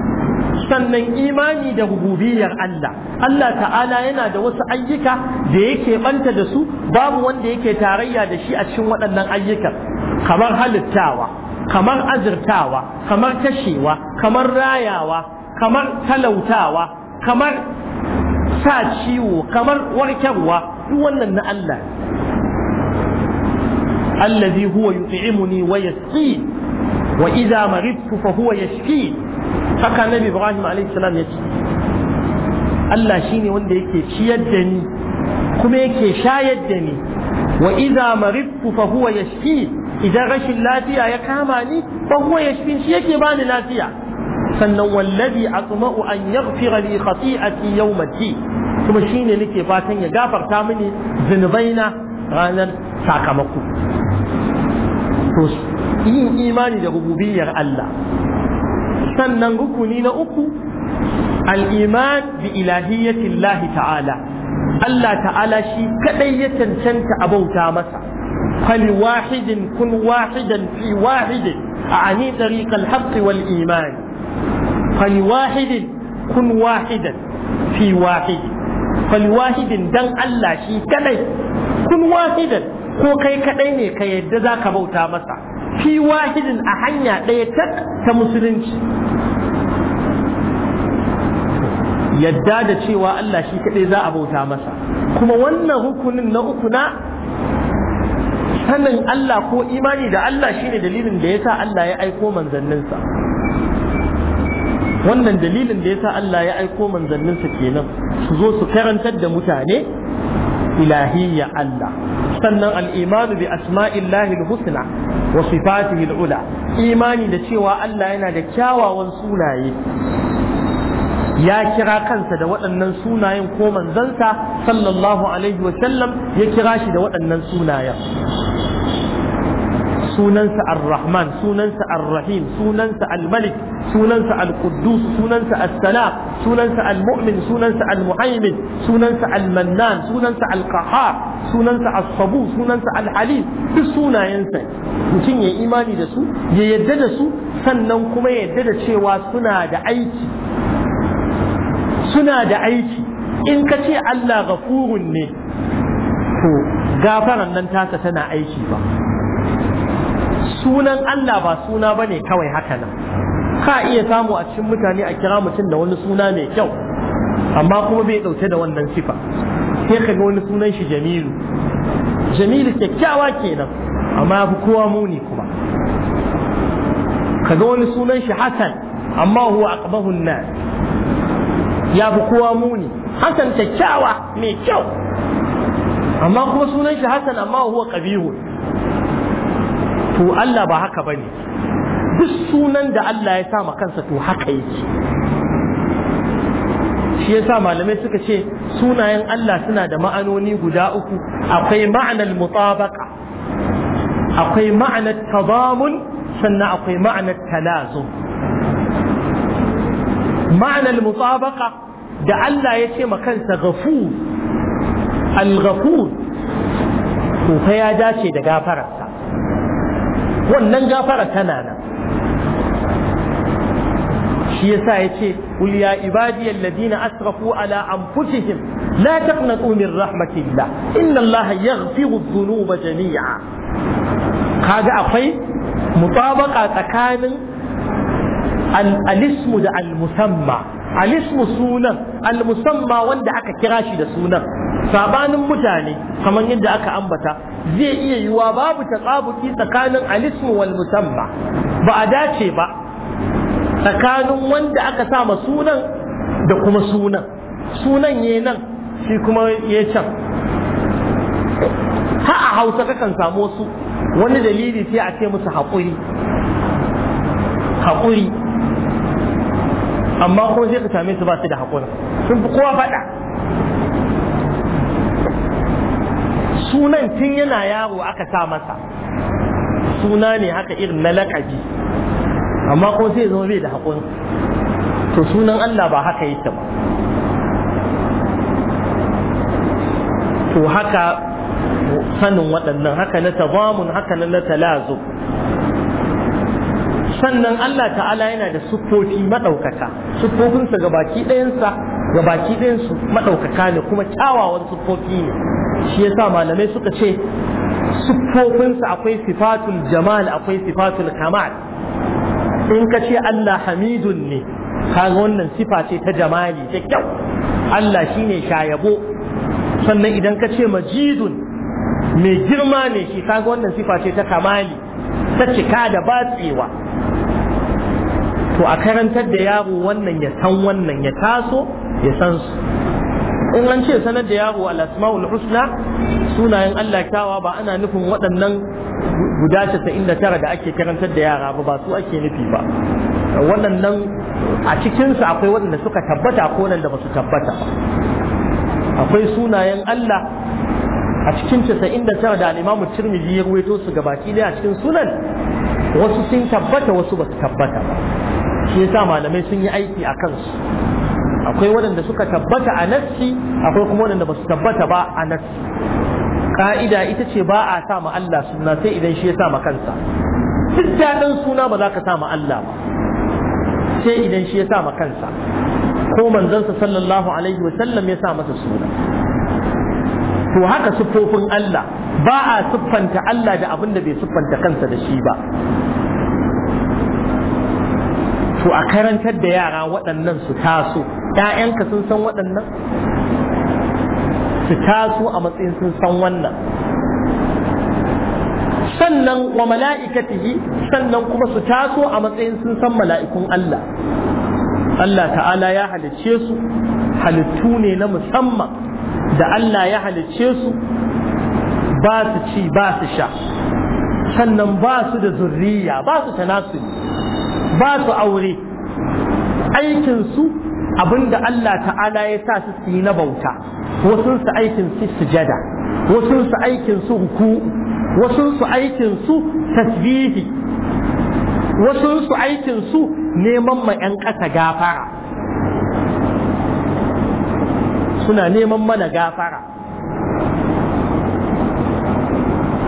sannan imani da rububiyar Allah Allah ta'ala yana da wasu ayyuka da yake banta da su babu wanda yake tarayya da shi a cikin waɗannan ayyukan kamar halittawa kamar azurtawa kamar kashewa kamar rayawa kamar talautawa kamar sa ciwo kamar warkarwa duk wannan na Allah zai huwa yut'imuni wa yasqi wa idza maridtu fa huwa yashfi haka nabi ibrahim alaihi salam ya ce Allah shine wanda yake ciyar da ni kuma yake shayar da ni wa idza maridtu fa huwa yashfi idan rashin lafiya ya kama ni fa huwa yashfi shi yake bani lafiya sannan wallazi atma'u an yaghfira li khati'ati yawmati kuma shine nake fatan ya gafarta mini zunubaina ranar sakamako to yin imani da rububiyar Allah sannan rukuni na uku al'iman bi ilahiyyatin lahi ta'ala Allah ta'ala shi kadai ya cancanta a bauta masa fali wahidin kun wahidan fi wahidin a ani tariqal haqqi wal iman fali wahidin kun wahidan fi wahidin fali wahidin dan Allah shi kadai kun wahidan ko kai kadai ne ka yadda zaka bauta masa fi wahidin a hanya ɗaya tak ta musulunci yadda da cewa Allah shi kaɗai za a bauta masa kuma wannan hukunin na uku na sanin Allah ko imani da Allah shine dalilin da sa Allah ya aiko manzanninsa wannan dalilin da sa Allah ya aiko manzanninsa kenan su zo su karantar da mutane ilahiyya Allah sannan al'imanu bi asma'illahi husna wa sifatihi al'ula imani da cewa Allah yana da kyawawan sunaye ya kira kansa da waɗannan sunayen ko manzansa sallallahu alaihi wa sallam ya kira shi da waɗannan sunayen sunansa ar-rahman sunansa ar-rahim sunansa al-malik sunansa al-quddus sunansa as-salam sunansa al-mu'min sunansa al-muhaymin sunansa al-mannan sunansa al-qahhar sunansa as-sabu sunansa al-halim duk sunayensa mutum ya imani da su ya yadda da su sannan kuma ya yadda da cewa suna da aiki suna da aiki in ka ce Allah gafurun ne to gafaran nan tasa tana aiki ba sunan Allah ba suna ba ne kawai haka nan ka iya samu a cikin mutane a kira mutum da wani suna mai kyau amma kuma bai ɗauke da wannan sifa sai ka ga wani sunan shi jamilu jamilu kyakkyawa kenan amma ya fi kowa muni kuma ka ga wani sunan shi hasan amma huwa aqbahun nas ya fi kowa muni hasan kyakkyawa mai kyau amma kuma sunan shi hasan amma huwa qabihun to Allah ba haka bane duk sunan da Allah ya sa ma kansa to haka yake shi yasa malamai suka ce sunayen Allah suna da ma'anoni guda uku akwai ma'anar mutabaka akwai ma'anar tabamun sannan akwai ma'anar talazum ma'anar mutabaka da Allah ya ce kansa gafu al-ghafur to fa ya dace da gafara wannan gafara tana nan shi yasa yace qul ya ibadiyal ladina asrafu ala anfusihim la taqnatu min rahmatillah inna allaha yaghfiru dhunuba jami'a kaga akwai mutabaka tsakanin al-ismu da al-musamma al-ismu sunan al-musamma wanda aka kira shi da sunan sabanin mutane kamar yadda aka ambata zai iya yiwa babu tsabuki tsakanin alismu wal musamma ba a dace ba tsakanin wanda aka sa ma sunan da kuma sunan sunan ya nan shi kuma ya can ha a hausa kakan samu su wani dalili sai a ce musu haƙuri haƙuri amma kuma sai ka same su ba su da haƙuri sun fi kowa faɗa sunan tun yana yaro aka sa masa suna ne haka irin na lakabi amma ko sai zama bai da haƙuri to sunan Allah ba haka yake ba to haka sanin waɗannan haka na tabamun haka na talazu sannan Allah ta'ala yana da siffofi maɗaukaka siffofinsa ga baki ɗayansa ga baki ɗinsu maɗaukaka ne kuma kyawawan siffofi ne shi yasa malamai suka ce siffofinsa akwai sifatul jamal akwai sifatul kamal in ka ce Allah hamidun ne kaga wannan sifa ce ta jamali ta kyau Allah shine shayabo sannan idan ka ce majidun mai girma ne shi kaga wannan sifa ce ta kamali ta cika da batsewa to a karantar da yaro wannan ya san wannan ya taso ya san su in an ce sanar da yaro al-asmaul husna sunayen Allah kyawa ba ana nufin waɗannan guda 99 da ake karantar da yara ba ba su ake nufi ba waɗannan a cikinsu akwai waɗanda suka tabbata ko da ba su tabbata ba. akwai sunayen Allah a cikin 99 da al-Imam Tirmidhi ya ruwaito su gabaki ɗaya a cikin sunan wasu sun tabbata wasu ba su tabbata ba shi yasa malamai sun yi aiki a kansu akwai waɗanda suka tabbata a nassi akwai kuma waɗanda ba su tabbata ba a nassi ka'ida ita ce ba a sa ma Allah suna sai idan shi ya sa ma kansa duk daɗin suna ba za ka sa ma Allah ba sai idan shi ya sa ma kansa ko manzansa sallallahu alaihi wa sallam ya sa masa suna to haka siffofin Allah ba a siffanta Allah da abin da bai siffanta kansa da shi ba to a karantar da yara waɗannan su taso ‘ya'yanka sun san waɗannan su taso a matsayin sun san wannan sannan wa mala'ikatihi sannan kuma su taso a matsayin sun san mala'ikun Allah Allah ta'ala ya halicce su halittu ne na musamman da Allah ya halicce su ba su ci ba su sha sannan ba su da zurriya ba su tanasuli ba su aure aikinsu abinda Allah ta'ala ya sa su yi na bauta Wasu su aikin su sujada su aikin su wasu su aikin su tasbihi su aikin su neman ma 'yan ƙasa gafara suna neman mana gafara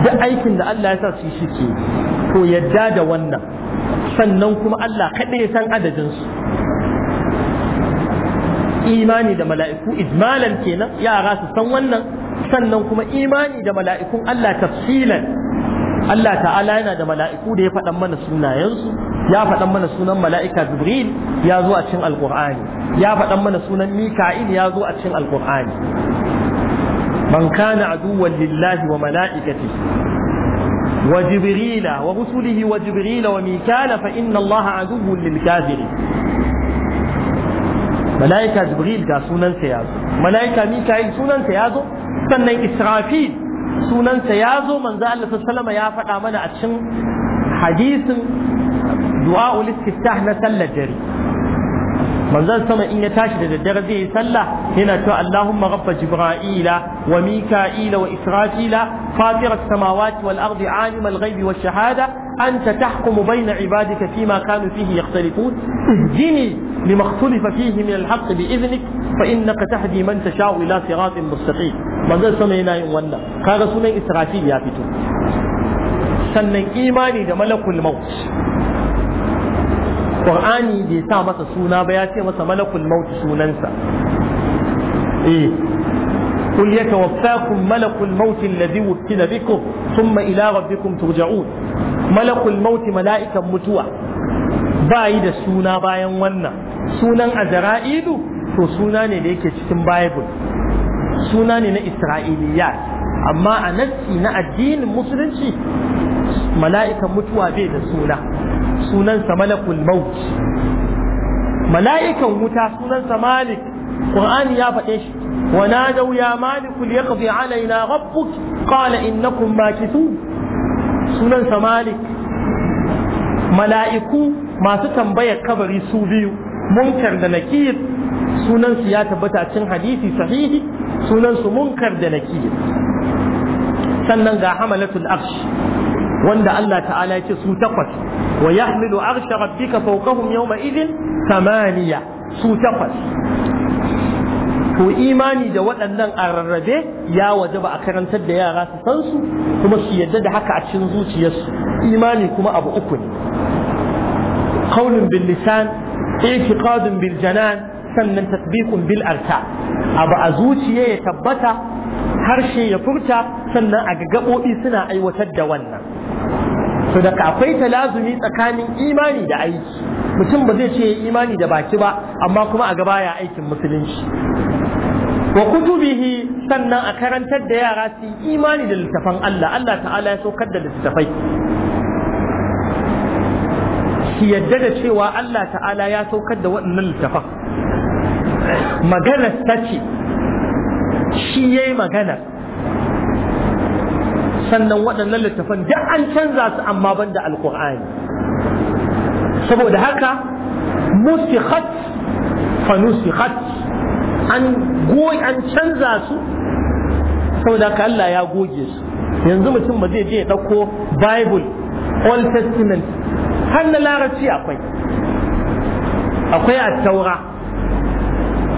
da aikin da Allah ya sa su shi ke to yadda da wannan sannan kuma Allah kaɗai san adadinsu imani da mala'iku ijmalan kenan yara su san wannan sannan kuma imani da mala'ikun Allah tafsilan Allah ta'ala yana da mala'iku da ya faɗan mana sunayensu ya faɗan mana sunan mala'ika Jibril ya zo a cikin Alƙur'ani ya faɗan mana sunan Mika'il ya zo a cikin Alƙur'ani man kana aduwwan lillahi wa mala'ikatihi وجبريل ورسله وجبريل وميكال فإن الله عدو للكافرين ملائكة جبريل قال سنن سيازو ملائكة ميكائيل سنن سيازو سنن إسرافيل سنن سيازو من ذا الله سلم يا فقا من أتشن حديث دعاء الاستفتاح نسل جري manzon sama in ya tashi da daddare zai yi sallah yana cewa Allahumma rabba jibra'ila wa mika'ila wa israfila fatira samawati wal ardi alim al ghaibi wash shahada anta tahkumu bayna ibadika fima kanu fihi yakhtalifun ihdini lima ikhtalafa fihi min al haqq bi idhnik fa innaka tahdi man tasha'u ila siratin mustaqim manzon sama yana yin wannan kaga sunan israfil ya fito sannan imani da malakul maut qur'ani bai sa masa suna ba ya ce masa malakul maut sunansa eh kul yatawaffakum malakul maut alladhi wukila bikum thumma ila rabbikum turja'un malakul maut mala'ikan mutuwa bayi da suna bayan wannan sunan azra'ilu to suna ne da yake cikin bible suna ne na isra'iliya amma a nassi na addinin musulunci mala'ikan mutuwa bai da suna sunansa malakul maut mala'ikan wuta sunansa malik ƙur'ani ya faɗe shi wa nadaw ya malikul yaqdi alaina rabbuk qala innakum makithun sunansa malik mala'iku masu tambayar kabari su biyu munkar da nakir sunansu ya tabbata cin hadisi sahihi sunansu munkar da nakir sannan ga hamalatul arsh wanda Allah ta'ala ya ce su takwas ويحمل عرش ربك فوقهم يومئذ ثمانية su takwas to imani da waɗannan a rarrabe ya waje ba a karantar da yara su san su kuma su yadda da haka a cikin zuciyarsu imani kuma abu uku ne qaulun bil lisan i'tiqadun bil janan sannan tatbiqun bil arta abu a zuciya ya tabbata harshe ya furta sannan a gaɓoɓi suna aiwatar da wannan da ka akwai talazumi tsakanin imani da aiki mutum ba zai ce imani da baki ba amma kuma a gaba ya aikin musulunci wa kutubihi sannan a karantar da yara su imani da littafan Allah Allah ta'ala ya saukar da littafai su yadda da cewa Allah ta'ala ya saukar da waɗannan littafan maganar ta ce shi yayi maganar sannan waɗannan littafan duk an canza su amma ban da alkur'ani saboda haka musikhat fa nusikhat an goyi an canza su saboda haka Allah ya goge su yanzu mutum ba zai je ya ɗauko bible old testament har na larabci akwai akwai a taura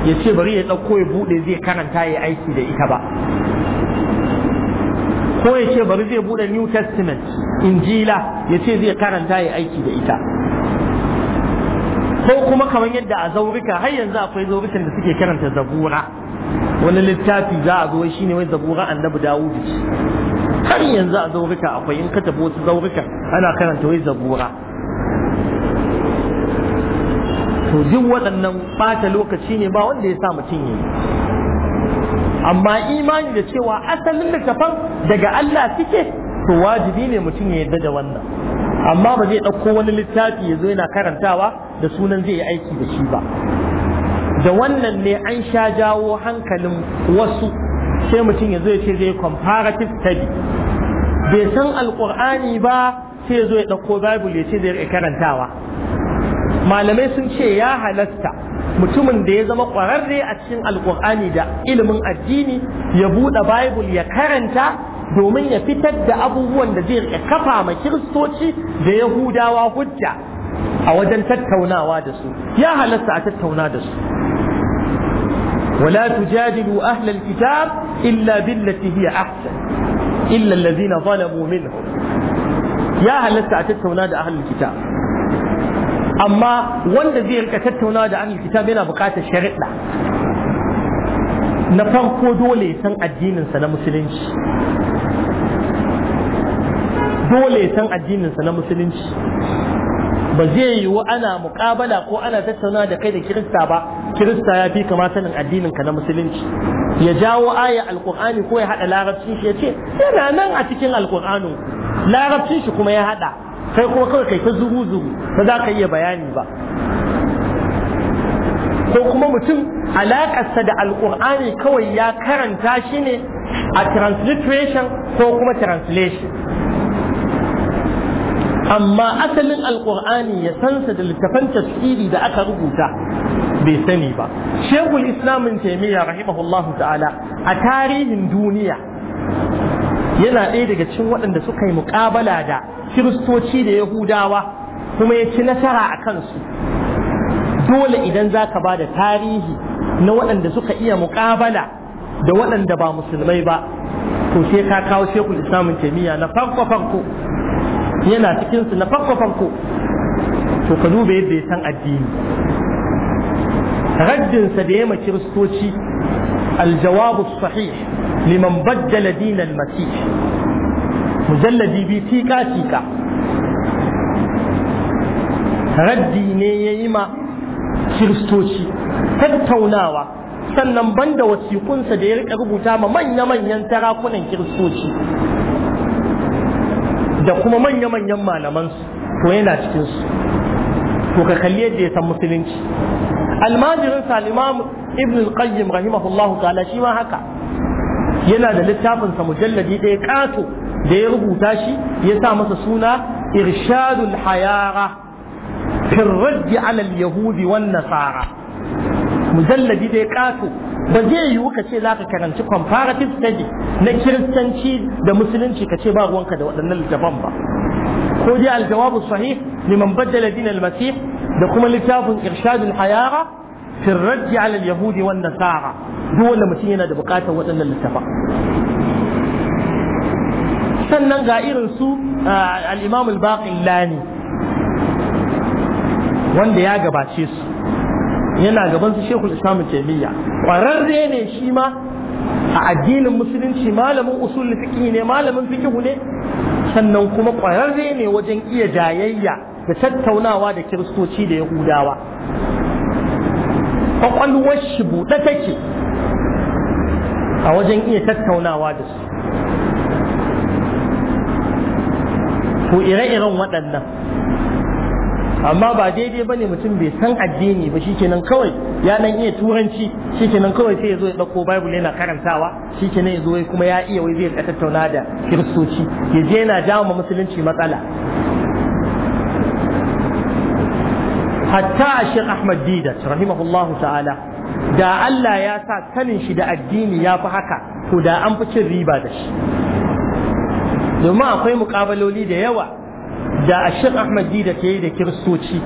ya ce bari ya ɗauko ya buɗe zai karanta ya aiki da ita ba ko ya ce bari zai bude new testament injila ya ce zai karanta ya aiki da ita ko kuma kamar yadda a zaurika har yanzu akwai zaurikan da suke karanta zabura wani littafi za a zo shine wai zabura annabi dawudu har yanzu a zaurika akwai in ka tafi wasu zaurika ana karanta wai zabura to duk waɗannan ɓata lokaci ne ba wanda ya sa mutum yi amma imani da cewa asalin littafan daga Allah suke to wajibi ne mutum ya yarda da wannan amma ba zai ɗauko wani littafi ya zo yana karantawa da sunan zai yi aiki da shi ba da wannan ne an sha jawo hankalin wasu sai mutum ya zo ya ce zai comparative study bai san alkur'ani ba sai ya zo ya ɗauko bible ya ce zai karantawa malamai sun ce ya halatta mutumin da ya zama ƙwararre a cikin alƙur'ani da ilimin addini ya buɗe bible ya karanta domin ya fitar da abubuwan da zai kafa ma kiristoci da yahudawa hujja a wajen tattaunawa da su ya halasta a tattauna da su ولا تجادلوا أهل الكتاب إلا بالتي هي أحسن إلا الذين ظلموا منهم يا هل لست أتتهم نادى أهل الكتاب amma wanda zai rika tattauna da ahlul kitab yana bukatar shari'a na farko dole ya san addininsa na musulunci dole san addininsa na musulunci ba zai yiwu ana mukabala ko ana tattauna da kai da kirista ba kirista ya fi kama sanin addininka na musulunci ya jawo aya alkur'ani ko ya haɗa larabcin shi ya ce yana nan a cikin alkur'anu larabcin shi kuma ya haɗa kai kuma kawai kai ta zuru zubu ba za ka iya bayani ba ko kuma mutum alaƙarsa da alƙur'ani kawai ya karanta shi ne a transliteration ko kuma translation amma asalin alƙur'ani ya sansa da littafan tafsiri da aka rubuta bai sani ba shekul islamin taimiyya rahimahullahu ta'ala a tarihin duniya yana ɗaya daga cikin waɗanda suka yi muƙabala da kiristoci da yahudawa kuma ya ci nasara a kansu dole idan za ka ba da tarihi na waɗanda suka iya muƙabala da waɗanda ba musulmai ba to sai ka kawo shekul samun taimiyya na farko farko yana cikinsu na farko farko to ka duba yadda ya san addini raddinsa da ya ma kiristoci aljawabu sahih liman baddala dinan masih mujalladi bi tika tika raddi ne ya yi ma kiristoci tattaunawa sannan banda wasiƙunsa da ya rika rubuta ma manya-manyan tarakunan kiristoci da kuma manya-manyan malamansu to yana cikinsu to ka kalli yadda ya san musulunci almajirin salimam ibn al-qayyim rahimahullahu ta'ala shi ma haka yana da littafinsa mujalladi ɗaya ƙato da ya rubuta shi ya sa masa suna irshadul hayara firraddi alal yahudi wan nasara mujalladi dai kato ba zai yiwu ka ce za ka karanci comparative study na kiristanci da musulunci ka ce ba ruwanka da waɗannan littafan ba ko dai aljawabu sahih liman baddala din almasih da kuma littafin irshadul hayara fi raddi ala yahudi wan nasara duk wanda mutum yana da bukatar waɗannan littafan sannan ga irin su Al'imamul imam wanda ya gabace su yana gaban su shekul islam taimiyya ƙwararre ne shi ma a addinin musulunci malamin usul fiqh ne malamin fiqh ne sannan kuma ƙwararre ne wajen iya jayayya da tattaunawa da kiristoci da yahudawa Ƙwaƙwalwar shi buɗe take a wajen iya tattaunawa da su to ire-iren waɗannan amma ba daidai ba ne mutum bai san addini ba shikenan kawai ya nan iya turanci shikenan kawai sai ya zo ya ɗauko bible yana karantawa shikenan ya zo kuma ya iya wai zai tattauna da kiristoci ya je yana jawo musulunci matsala hatta a shek ahmad didat rahimahullahu ta'ala da allah ya sa sanin shi da addini ya fi haka to da an fi cin riba da shi domin akwai mukabaloli da yawa da ashir ahmad da ta yi da kiristoci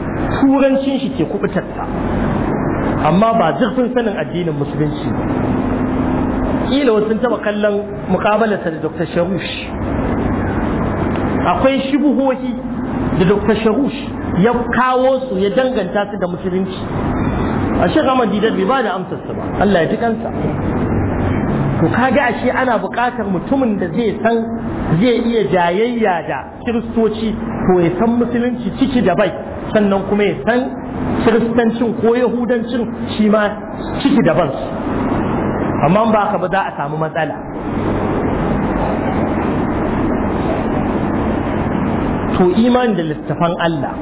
turancin shi ke kubutarta amma ba zurfin sanin addinin musulunci kila wasu taba kallon mukabalarsa da dr sharush akwai shubuhohi da dr sharush ya kawo su ya danganta su da musulunci a Ahmad didar bai ba da amsarsa ba allah ya ji kansa to kaga ashe ana buƙatar mutumin da zai san zai iya jayayya da kiristoci to ya san musulunci ciki da bai sannan kuma ya san kiristancin ko yahudancin shi ma ciki da ban amma ba ka ba za a samu matsala to imani da littafan Allah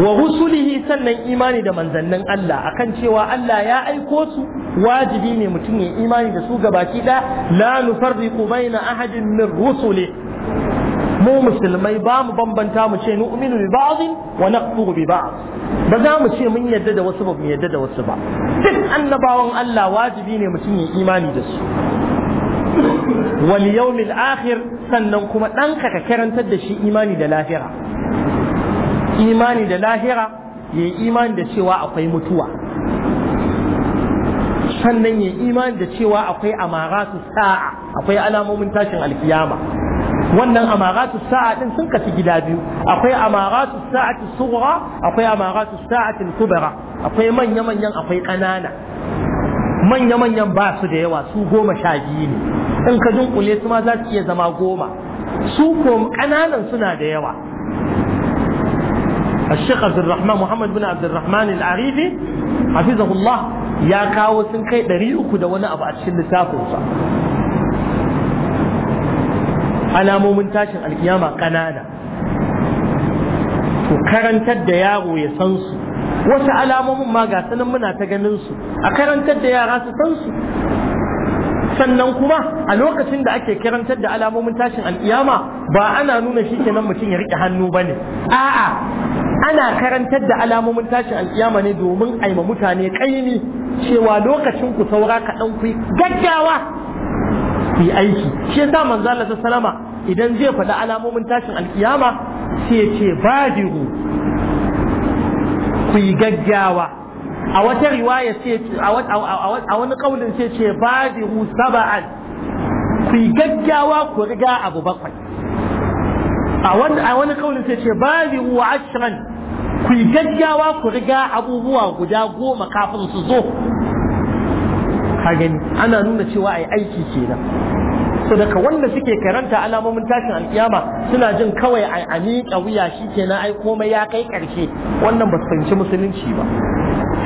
wa rusulihi sannan imani da manzannin Allah akan cewa Allah ya aiko su wajibi ne mutum ya imani da su gabaki da la nufarriqu baina ahadin min rusuli mu musulmai ba mu bambanta mu ce nu'minu bi ba'd wa naqfuru bi ba'd ba za mu ce mun yadda da wasu ba mu yadda da wasu ba duk annabawan Allah wajibi ne mutum ya imani da su wal yawmil akhir sannan kuma dan ka karantar da shi imani da lahira imani da lahira ya yi imani da cewa akwai mutuwa sannan ya imani da cewa akwai amaratu sa'a akwai alamomin tashin alkiyama wannan amaratu sa'a din sun kasu gida biyu akwai amaratu sa'ati sughra akwai amaratu sa'ati kubra akwai manya manyan akwai kanana manya manyan ba su da yawa su goma sha biyu ne in ka dunkule su ma za su iya zama goma su ko kananan suna da yawa الشيخ عبد الرحمن محمد بن عبد الرحمن العريفي حفظه الله ya kawo sun kai ɗari uku da wani abu a cikin littafinsa alamomin tashin alkiyama ƙanana to karantar da yaro ya san su wasu alamomin ma ga sanin muna ta ganin su a karantar da yara su san su sannan kuma a lokacin da ake karantar da alamomin tashin alkiyama ba ana nuna shi kenan mutum ya riƙe hannu ba ne a'a ana karantar da alamomin tashin alkiyama ne domin aima mutane kaini cewa lokacin ku saura ka ɗan kuyi gaggawa ku yi aiki shi yasa manzo Allah sallama idan zai faɗi alamomin tashin alkiyama sai ce badiru ku yi gaggawa a wata riwaya sai a wani kaulin sai ce badiru sab'an ku yi gaggawa ku riga abu bakwai a wani kaulin sai ce wa ashran ku yi gaggawa ku riga abubuwa guda goma kafin su zo ka gani ana nuna cewa ai aiki kenan so daga wanda suke karanta alamomin tashin alkiyama suna jin kawai a miƙa wuya shi na ai komai ya kai ƙarshe wannan ba su fahimci musulunci ba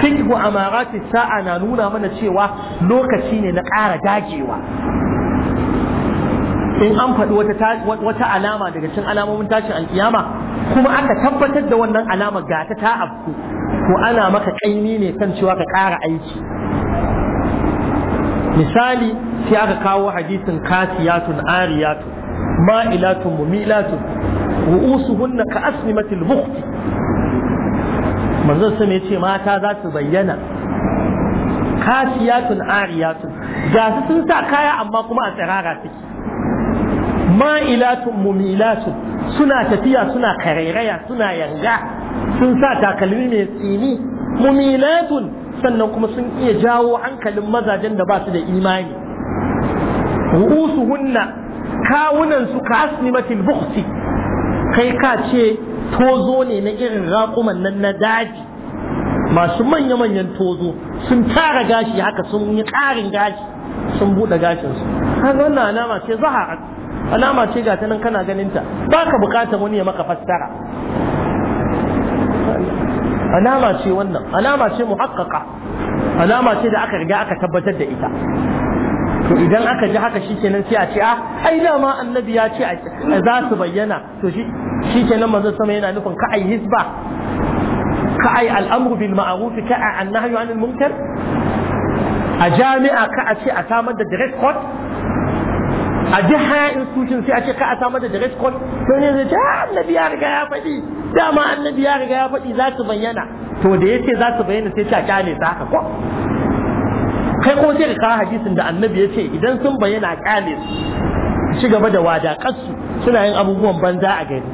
fiqhu amarati sa'a na nuna mana cewa lokaci ne na ƙara dagewa in an faɗi wata alama daga cikin alamomin tashin alkiyama kuma aka tabbatar da wannan alama ga ta ta afku ko ana maka kaini ne kan cewa ka ƙara aiki misali sai aka kawo hadisin kasiyatun ariyatun ma'ilatun mumilatun ru'usuhunna ka asnimatil bukhti manzon sama ce mata za su bayyana kasiyatun ariyatun ga su sun sa kaya amma kuma a tsirara suke ma'ilatun mumilatun suna tafiya suna karairaya suna yanga sun sa takalmi mai tsini mumilatun sannan kuma sun iya jawo hankalin mazajen da ba su da imani ru'usuhunna kawunan su ka asnimatil bukhti kai ka ce tozo ne na irin raƙuman nan na daji masu manya-manyan tozo sun tara gashi haka sun yi ƙarin gashi sun buɗe gashinsu har wannan alama ce zahara alama ce ga ta nan kana ganinta ta ba ka bukatar wani ya maka fassara alama ce wannan alama ce muhaqqaqa alama ce da aka riga aka tabbatar da ita to idan aka ji haka shi shikenan sai a ce ah ai dama annabi ya ce a za su bayyana to shi shikenan manzo sama yana nufin ka ai hisba ka ai al'amru bil ma'ruf ka ai annahyu anil munkar a jami'a ka a ce a samar da direct court a ji haya institution sai a ce ka a samar da direct call to ne zai ce ah, annabi ya riga ya faɗi dama annabi ya riga ya faɗi za su bayyana to da ya ce za su bayyana sai ta a kyale ta haka ko kai ko sai ka hadisin da annabi ya ce idan sun bayyana a kyale su ci gaba da wadaƙarsu suna yin abubuwan banza a gari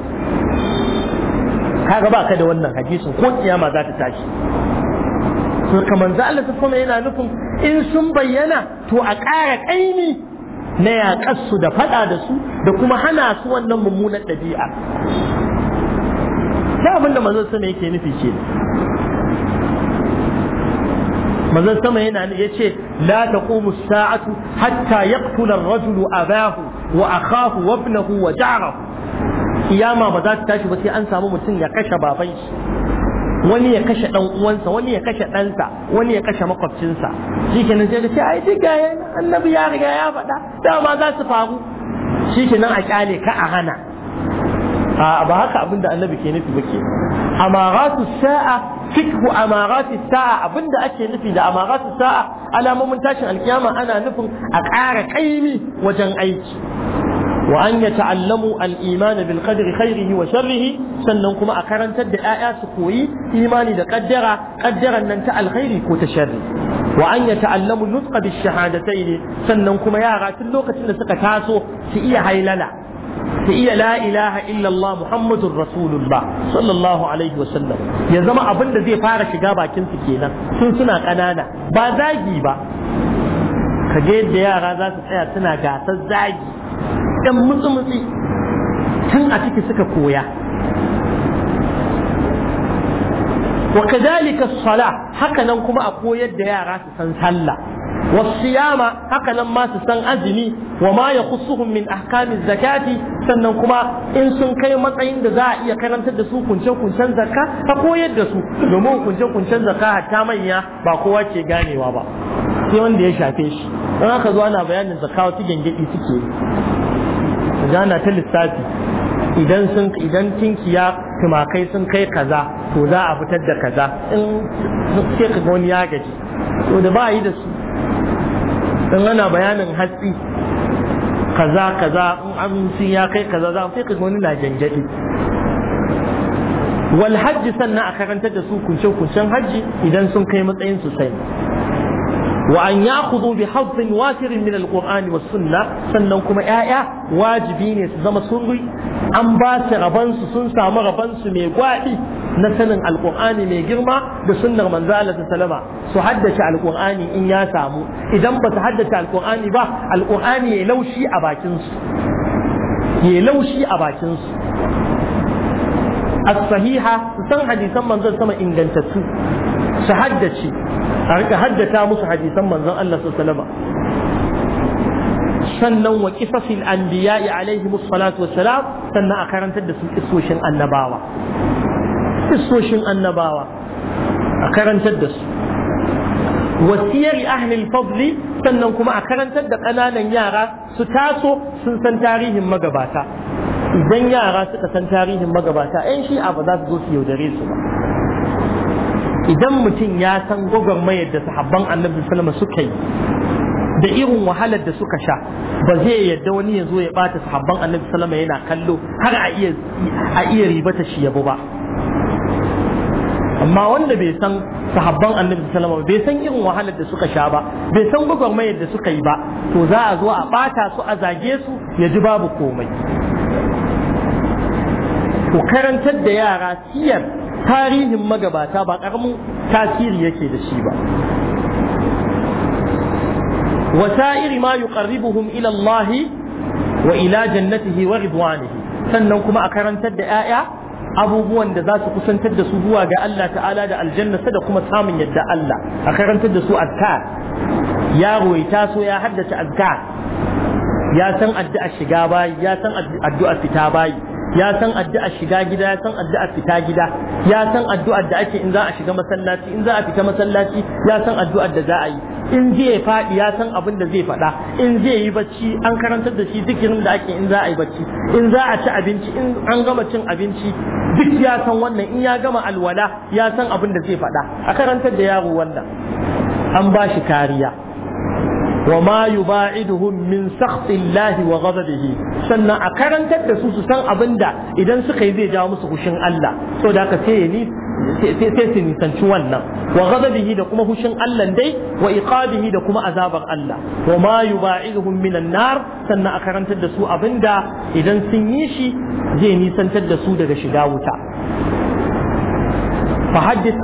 kaga ba ka da wannan hadisin ko kiyama za ta tashi to kamar za Allah ta yana nufin in sun bayyana to a ƙara ƙaimi na yaƙarsu da faɗa da su da kuma hana su wannan mummunan ɗabi'a ta abin da mazan sama yake nufi ke Mazan sama yana ya ce la taqumu sa'atu hatta yaqtula ar-rajulu abahu wa akhahu wa wa jarahu ba za ta tashi ba sai an samu mutum ya kashe baban shi wani ya kashe dan uwansa wani ya kashe ɗansa wani ya kashe makwabcinsa shikenan sai ka ce ai duk ga annabi ya riga ya faɗa dama za su faru shi shikenan a kyale ka a hana a ba haka abin da annabi ke nufi muke, ke amaratu sa'a fikhu amaratu sa'a abin da ake nufi da amaratu sa'a alamomin tashin alkiyama ana nufin a ƙara ƙaimi wajen aiki وأن يتعلموا الإيمان بالقدر خيره وشره سننكم أكرن تد آيات سكوي إيماني دا قدر قدر أن ننتع الخير كوت شر وأن يتعلموا النطق بالشهادتين سننكم يا غات اللوكة لسك تاسو سئية هيلنا سئية لا إله إلا الله محمد رسول الله صلى الله عليه وسلم يا زما أبن زي فارش جابا كنت كينا سنسنا قنانا بازاجي با كجيد يا غازات سنة قاسة زاجي dan mutsumutsi tun a ciki suka koya wa kadhalika sala haka nan kuma a koyar da yara su san sallah والصيام هكذا ما تسن أزمي وما يخصهم من أحكام الزكاة sannan kuma in sun kai matsayin da za a iya karantar da su kunce-kuncen zakka a koyar da su domin kunce-kuncen zakka hatta manya ba kowa ke ganewa ba sai wanda ya shafe shi don aka zo ana bayanin zakka wata gengedi suke ku ta lissafi idan sun idan tinkiya tumakai sun kai kaza to za a fitar da kaza in sai ka ga wani ya gaji to da ba yi da su in ana bayanin hatsi kaza kaza in an sun ya kai kaza za a sai ka wani na janjadi wal hajji sannan a karantar da su kunshe kunshen hajji idan sun kai matsayin su sai wa an ya'khudhu bi hazzin wasirin min alqur'ani was sunna sannan kuma yaya wajibi ne su zama sun an ba su sun samu raban mai gwadi na sanin alqur'ani mai girma da sunnar manzo Allah sallama su haddace alqur'ani in ya samu idan ba su haddace alqur'ani ba alqur'ani ya laushi a bakin a bakin su as-sahiha san hadisan manzon sama ingantattu su haddace a rika haddata musu hadisan manzon Allah sallallahu alaihi sannan wa qisasil anbiya'i alaihi musallatu wassalam sannan a karantar da su kissoshin annabawa kissoshin annabawa a karantar da su wasiyar ahlil fadli sannan kuma a karantar da ƙananan yara su taso sun san tarihin magabata idan yara suka san tarihin magabata 'yan shi ba za su zo su yaudare su ba idan mutum ya san gwagwarmayar da sahabban annabi Salama suka yi da irin wahalar da suka sha ba zai yadda wani ya zo ya bata sahabban annabi Salama yana kallo har a iya a iya ribata shi yabo ba amma wanda bai san sahabban annabi sallama ba bai san irin wahalar da suka sha ba bai san gwagwarmayar da suka yi ba to za a zo a bata su a zage su ya ji babu komai ku karantar da yara siyar tarihin magabata ba ƙaramin tasiri yake da shi ba wasa'iri ma yuqarribuhum ila Allah wa ila jannatihi wa ridwanihi sannan kuma a karantar da 'ya'ya abubuwan da za su kusantar da su zuwa ga Allah ta'ala da aljannasa da kuma samun yadda Allah a karantar da su azkar yaro ya taso ya haddace azkar ya san addu'a shiga bayi ya san addu'a fita bayi ya san addu'a shiga gida ya san addu'a fita gida ya san addu'ar da ake in za a shiga masallaci in za a fita masallaci ya san addu'a da za a yi in zai faɗi ya san abin da zai faɗa in zai yi bacci an karantar da shi zikirin da ake in za a yi bacci in za a ci abinci in an gama cin abinci duk ya san wannan in ya gama alwala ya san abin da zai faɗa a karantar da yaro wannan an ba shi kariya Wamayu ma yubaiduhum min sakhtillahi wa ghadabihi sannan a karantar da su san abinda idan suka yi zai jawo musu hushin Allah so da haka sai ni sai su nisanci wannan wa ghadabihi da kuma hushin Allah dai wa iqabihi da kuma azabar Allah wa ma yubaiduhum minan sannan a karantar da su abinda idan sun yi shi zai nisantar da su daga shiga wuta fa haddith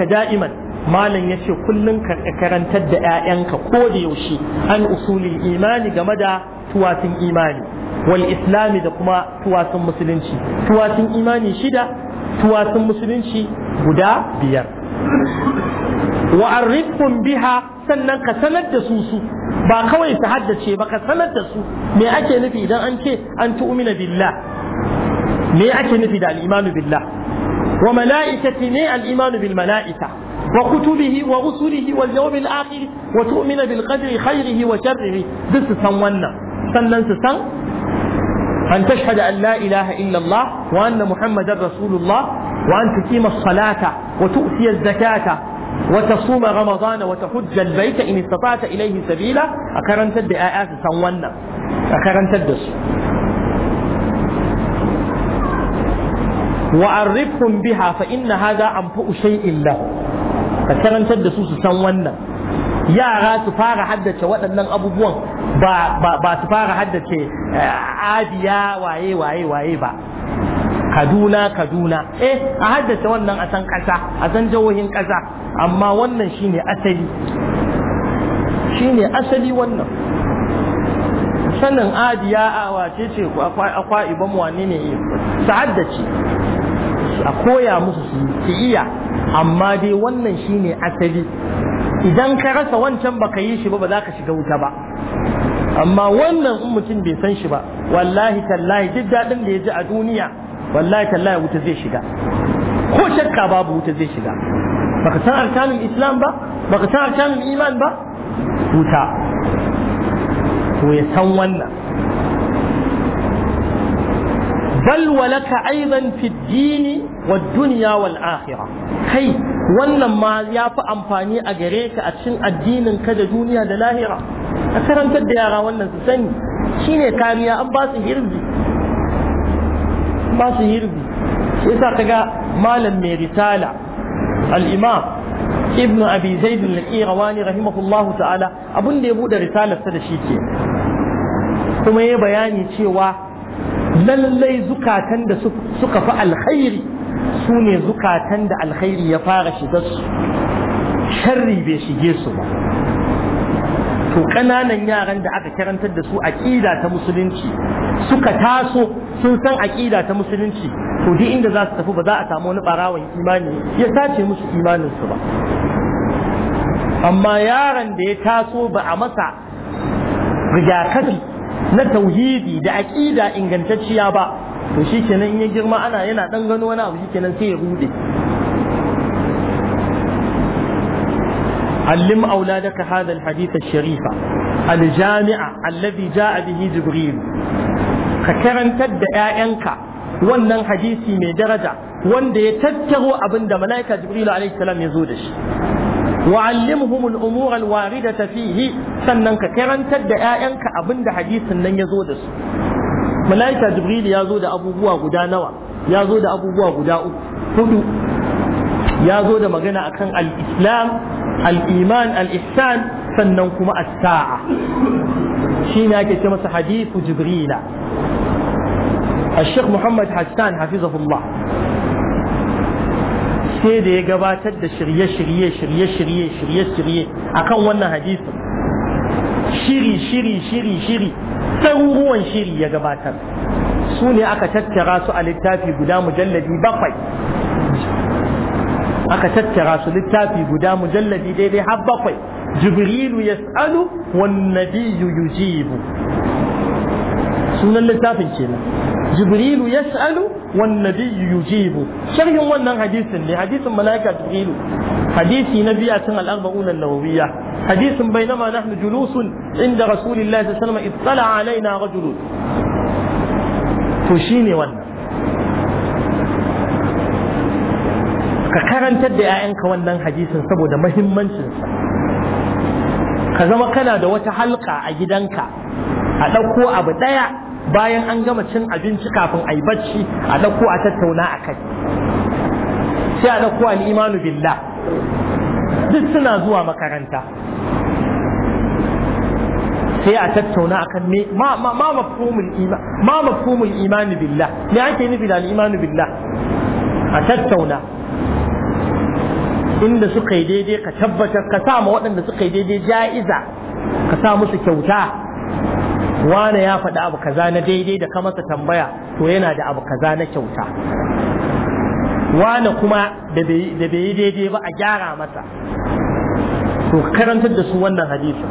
ka da'iman malam ya ce kullum ka karantar da 'ya'yanka ko da yaushe an usulin imani game da tuwatin imani wal islami da kuma tuwatin musulunci tuwatin imani shida tuwatin musulunci guda biyar wa arrifun biha sannan ka sanar da su su ba kawai su haddace ba ka sanar da su me ake nufi idan an ce an tu'mina billah me ake nufi da al-imanu billah wa mala'ikati ne al bil mala'ika وكتبه ورسله واليوم الآخر وتؤمن بالقدر خيره وشره بس سنونا سنن سن أن تشهد أن لا إله إلا الله وأن محمدا رسول الله وأن تقيم الصلاة وتؤتي الزكاة وتصوم رمضان وتحج البيت إن استطعت إليه سبيلا أكرنت بآيات سنونا أكرنت الدس وعرفهم بها فإن هذا أنفؤ شيء له ka karantar da su su san wannan yara su fara haddace waɗannan abubuwan ba su fara haddace eh, adiya waye waye waye ba kaduna kaduna eh a haddace wannan a san ƙasa a san jawohin ƙasa amma wannan shine asali shine asali wannan sanin adiya a wace ce akwa iban wane ne su haddace a koya musu su iya amma dai wannan shine asali idan ka rasa wancan baka yi shi ba ba za ka shiga wuta ba amma wannan in mutum bai san shi ba wallahi tallahi duk dadin da ya ji a duniya wallahi tallahi wuta zai shiga ko shakka babu wuta zai shiga baka san arkanin islam ba baka san arkanin iman ba wuta to ya san wannan bal walaka aidan fi dini Wa duniya wal والآخرة Kai wannan ma ya fi amfani a gare ka a cikin addinin ka da duniya da lahira a karantar da yara wannan su sani shine kariya an ba su hirbi ba su hirbi sa kaga malam mai risala al-imam ابن ابي زيد القيرواني رحمه الله تعالى abun da ya bude risalarsa da shi ke kuma ya bayani cewa lallai zukatan da suka fi alkhairi su ne zukatan da alkhairi ya fara shiga su sharri bai shige su ba to ƙananan yaran da aka karantar da su aƙida ta musulunci suka taso sun san aƙida ta musulunci to duk inda za su tafi ba za a samu wani ɓarawon imani ya sace musu imaninsu ba amma yaron da ya taso ba a masa rigakafi na tauhidi da aƙida ingantacciya ba to shi kenan in ya girma ana yana dan gano wani abu shi kenan sai ya rude علم أولادك هذا الحديث الشريف الجامع الذي جاء به جبريل ككرن تد آيانك wannan hadisi mai daraja wanda ya tattaro abin da malaika jibril alaihi salam ya zo da shi wa allimhum al-umura al-waridata fihi sannan ka karantar da 'ya'yanka abinda hadisin nan ya zo da su mala'ika jibril ya zo da abubuwa guda nawa ya zo da abubuwa guda uku hudu ya zo da magana akan al-islam al-iman al-ihsan sannan kuma Asa'a. saa shine ake ta masa hadithu jibrila A محمد Muhammad Hassan الله sai da ya gabatar da shirye-shirye shirye-shirye shirye-shirye akan wannan hadisin shiri shiri shiri shiri ɗaruruwan shiri ya gabatar su ne aka tattara su a littafi guda mujalladi bakwai aka tattara su littafi guda mujalladi daidai har bakwai jibrilu yas'alu wan biyu yujibu sunan littafin kenan jibrilu yas'alu wan nabiyyu yujibu sharhin wannan hadisin ne hadisin malaika jibrilu hadisi na biya cin al-arba'un an-nawawiyya hadisin bainama nahnu julusun inda rasulillahi sallallahu alaihi wasallam ittala alaina rajulun to shine wannan ka karantar da 'ya'yanka wannan hadisin saboda mahimmancinsa ka zama kana da wata halka a gidanka a ɗauko abu ɗaya bayan an gama cin abinci kafin a yi bacci a ɗauko a tattauna a kai sai a ɗauko al'imanu billah duk suna zuwa makaranta sai a tattauna akan me ma ma ma mafhumul iman ma mafhumul iman billah me ake nufi da al-iman billah a tattauna inda suka yi daidai ka tabbatar ka sa ma waɗanda suka yi daidai ja'iza ka sa musu kyauta Wana ya faɗi abu kaza na daidai da ka masa tambaya to yana da abu kaza na kyauta Wana kuma da bai yi daidai ba a gyara masa to karantar da su wannan hadisi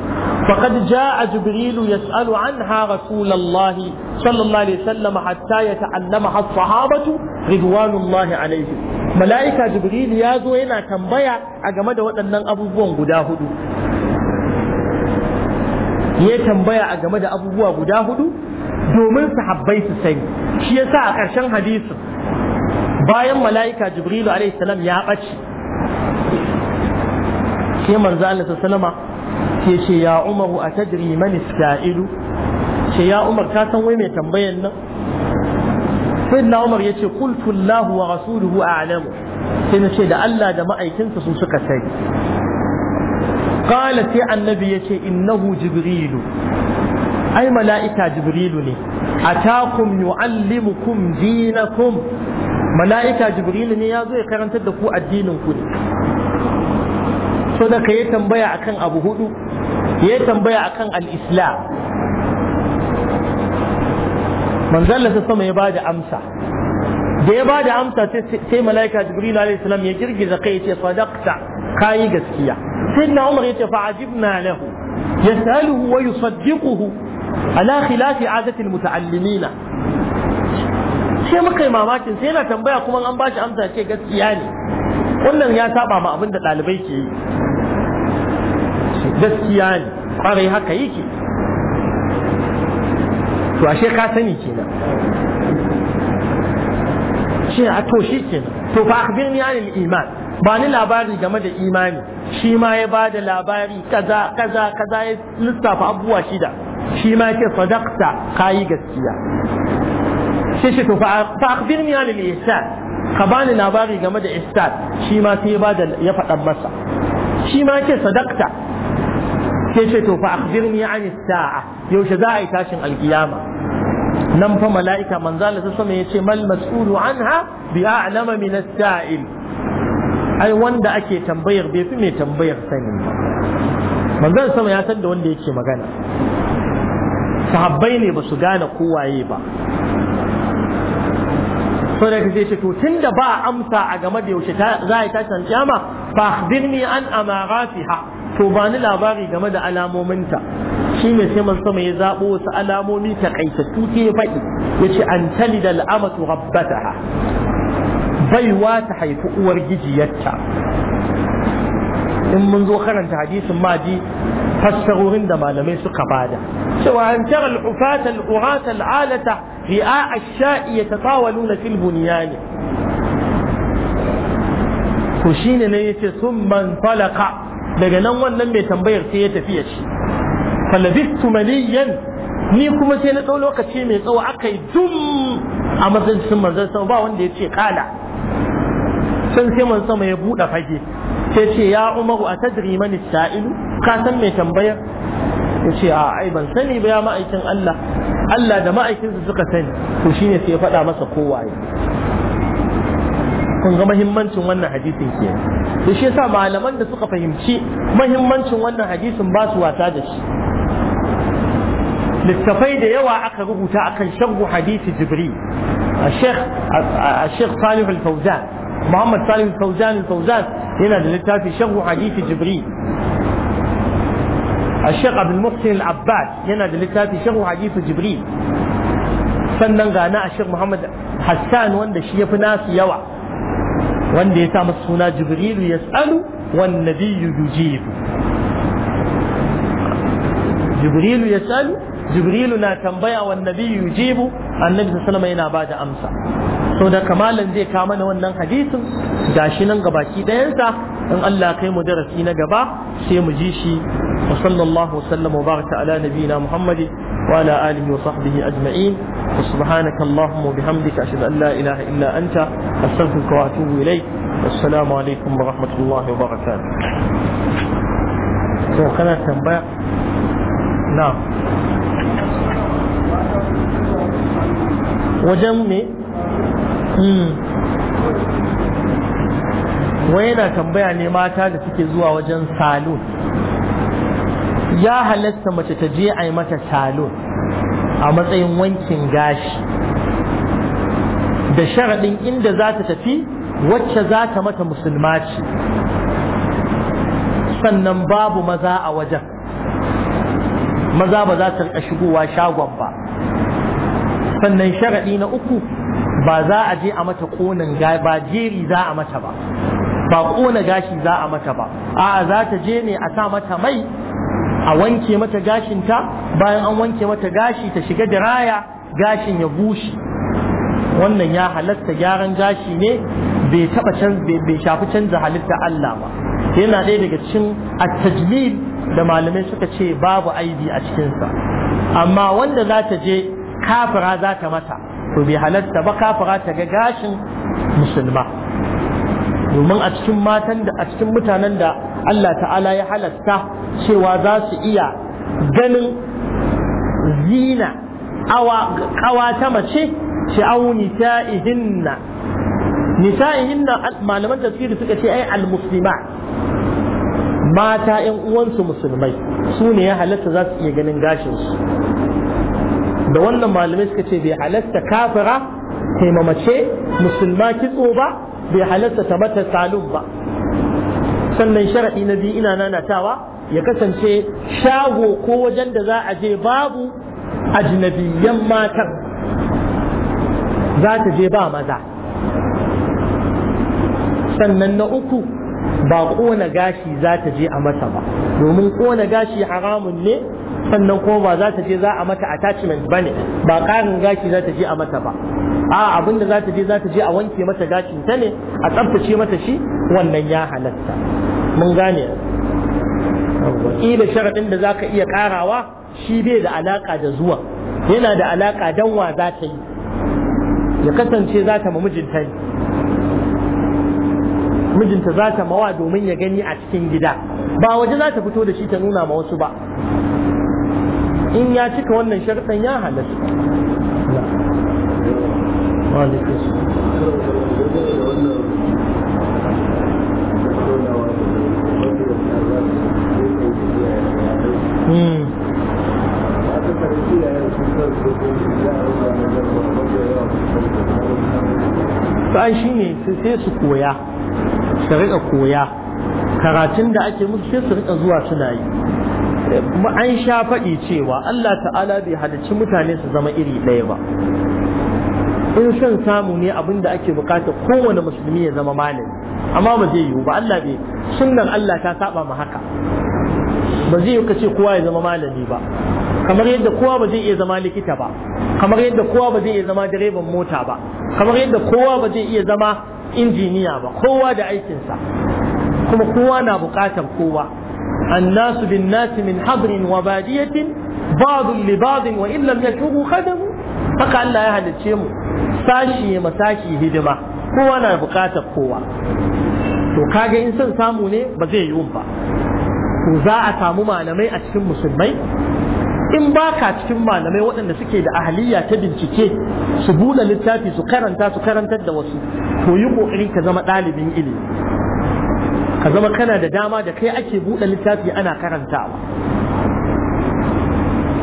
faqad jaa jibril yas'alu anha rasulullah sallallahu alaihi wasallam hatta yata'allama as-sahabatu ridwanullahi alaihim mala'ika jibril ya zo yana tambaya a game da waɗannan abubuwan guda hudu ya tambaya a game da abubuwa guda hudu domin sahabbai su sani shi yasa a ƙarshen hadisin bayan mala'ika jibrilu alaihi salam ya ɓace sai manzo Allah sallama ke ce ya umaru a tajri man ista'ilu ce ya umar ka san wai mai tambayan nan sai na umar ya ce kultu Allah wa rasuluhu a'lamu sai na ce da Allah da ma'aikinsa su suka sani qala sai annabi yace innahu jibrilu ai mala'ika jibrilu ne atakum yu'allimukum dinakum mala'ika jibrilu ne ya zo ya karantar da ku addinin ku so da ka yi tambaya akan abu hudu ya tambaya akan al-islam manzalla ta sama ya bada amsa da ya bada amsa sai mala'ika jibrilu alaihi salam ya girgiza kai ya ce sadaqta kayi gaskiya sayyidina umar yace fa ajibna lahu yasaluhu wa yusaddiquhu ala khilafi adati almutaallimina sai muka yi mamakin sai yana tambaya kuma an bashi amsa ce gaskiya ne wannan ya saba ma abin ɗalibai ke yi gaskiya ne kwarai haka yake to ashe ka sani kenan a shi to fa iman ba ni labari game da imani shi ma ya ba da labari kaza kaza kaza ya lissafa abubuwa shida shi ma ce sadaqta kayi gaskiya shi shi to fa akhbirni an al-ihsan ka bani labari game da ihsan shi ma sai ba da ya faɗa masa shi ma ce sadaqta sai ce to fa akhbirni an as-sa'a yaushe za a yi tashin alkiyama nan fa mala'ika manzo Allah sama yace mal mas'ulu anha bi a'lama min as-sa'il ai wanda ake tambayar bai fi mai tambayar sani manzon sama ya san da wanda yake magana sahabbai ne ba su gane kowaye ba so da kace ce to tunda ba amsa a game da yaushe za a yi tashin kiyama fa akhbirni an amaratiha to ba ni labari game da alamominta shi ne sai man sama ya zaɓo wasu alamomi takaitattu kaita faɗi ya ce an talida al'amatu rabbataha baiwa ta haifi uwar gijiyarta in mun zo karanta hadisin ma ji fassarorin da malamai suka bada cewa an tara al-ufata al-urata al-alata ri'a ash-sha'i yatatawaluna fil bunyani shine ne yace summan talaqa daga nan wannan mai tambayar sai ya tafi ya ci falabistu maliyan ni kuma sai na tsawon lokaci mai tsawo aka yi dum a matsayin manzon sama ba wanda ya ce kala can sai man sama ya buɗe fage sai ce ya umaru a tadri mani sa'ilu ka san mai tambayar ya ce a ai ban sani ba ya ma'aikin Allah Allah da ma'aikinsa suka sani to shine sai ya faɗa masa kowaye kun ga mahimmancin wannan hadisin ke to shi yasa malaman da suka fahimci mahimmancin wannan hadisin ba su wata da shi littafai da yawa aka rubuta akan sharhu hadisi jibril a sheikh Salihu al-fawzan muhammad salim fauzan fauzan yana da littafi sharhu hadisi jibril الشيخ عبد المحسن العباد هنا للتاتي شيخ حديث جبريل sannan ga na ashir Muhammad Hassan wanda shi ya fi nasu yawa wanda ya sa masa suna Jibrilu ya tsalu wani Nabiyu yujibu Jibrilu ya tsalu Jibrilu na tambaya wan nabiyyu yujibu annabi sallallahu alaihi wasallam yana bada amsa sau da kamalan zai kama na wannan hadisin gashi nan gabaki dayansa in Allah kai mu darasi na gaba sai mu ji shi wa sallallahu wasallam wa baraka ala nabiyina muhammad wa ala alihi wa sahbihi ajma'in wa subhanaka allahumma wa bihamdika ashhadu an la ilaha illa anta astaghfiruka wa atubu ilayk assalamu alaikum wa rahmatullahi wa barakatuh to kana tambaya na wajen me Hmm. wai yana tambaya ne mata da suke zuwa wajen salon ya halatta mace ta je a yi mata salon a matsayin wankin gashi da sharaɗin inda za ta tafi wacce za ta mata musulma ce sannan babu maza a wajen maza ba za ta rika shigowa shagon ba sannan sharaɗi na uku ba za a je a mata konin ba jeri za a mata ba ba kona gashi za a mata ba a'a za ta je ne a sa mata mai a wanke mata gashinta bayan an wanke mata gashi ta shiga diraya gashin ya bushe wannan ya halatta gyaran gashi ne bai taba bai shafi canza halitta Allah ba yana ɗaya daga cikin at da malamai suka ce babu aibi a cikinsa amma wanda za ta je kafira za ta mata to bai halatta ba kafara ta ga gashin musulma domin a cikin matan da a cikin mutanen da Allah ta'ala ya halatta cewa za su iya ganin zina kawa ta mace sha'au nisa'ihinna nisa'ihinna malaman tafsiri suka ce ai al-muslima mata ƴan uwansu musulmai su ne ya halatta za su iya ganin gashin su da wannan malamai suka ce bai halasta kafira taimamace musulma kitso ba bai halasta ta mata salub ba sannan sharaɗi na biyu ina nanatawa ya kasance shago ko wajen da za a je babu ajnabiyan matan za ta je ba maza sannan na uku ba ƙona gashi za ta je a masa ba domin ƙona gashi haramun ne sannan ko ba za ta je za a mata attachment ba ne ba ƙarin gashi za ta je a mata ba a abin da za ta je za ta je a wanke mata gashin ta ne a tsaftace mata shi wannan ya halatta mun gane ƙila sharaɗin da za ka iya ƙarawa shi bai da alaƙa da zuwa yana da alaƙa dan wa za ta yi ya kasance za ta ma mijinta ne mijinta za ta mawa domin ya gani a cikin gida ba waje za ta fito da shi ta nuna ma wasu ba in ya cika wannan sharɗan ya halatta Sa'an hmm. shi ne sai su koya, su riƙa koya, karatun da ake musu sai su riƙa zuwa suna yi. an sha faɗi cewa Allah ta'ala bai halarci mutane su zama iri ɗaya ba in son samu ne abin da ake bukata kowane musulmi ya zama malami amma ba zai yiwu ba Allah bai sunnan Allah ta saba ma haka ba zai yiwu kace kowa ya zama malami ba kamar yadda kowa ba zai iya zama likita ba kamar yadda kowa ba zai iya zama direban mota ba kamar yadda kowa ba zai iya zama injiniya ba kowa da aikinsa kuma kowa na bukatar kowa الناس بالناس من حضر وبادية بعض لبعض وإن لم يتوبوا خدموا haka Allah ya halicce mu sashi ya masaki hidima kowa na bukatar kowa to kaga in san samu ne ba zai yiwu ba to za a samu malamai a cikin musulmai in baka cikin malamai waɗanda suke da ahaliya ta bincike su bula littafi su karanta su karantar da wasu to yi ƙoƙari ka zama ɗalibin ilimi ka zama kana da dama da kai ake buɗe littafi ana karantawa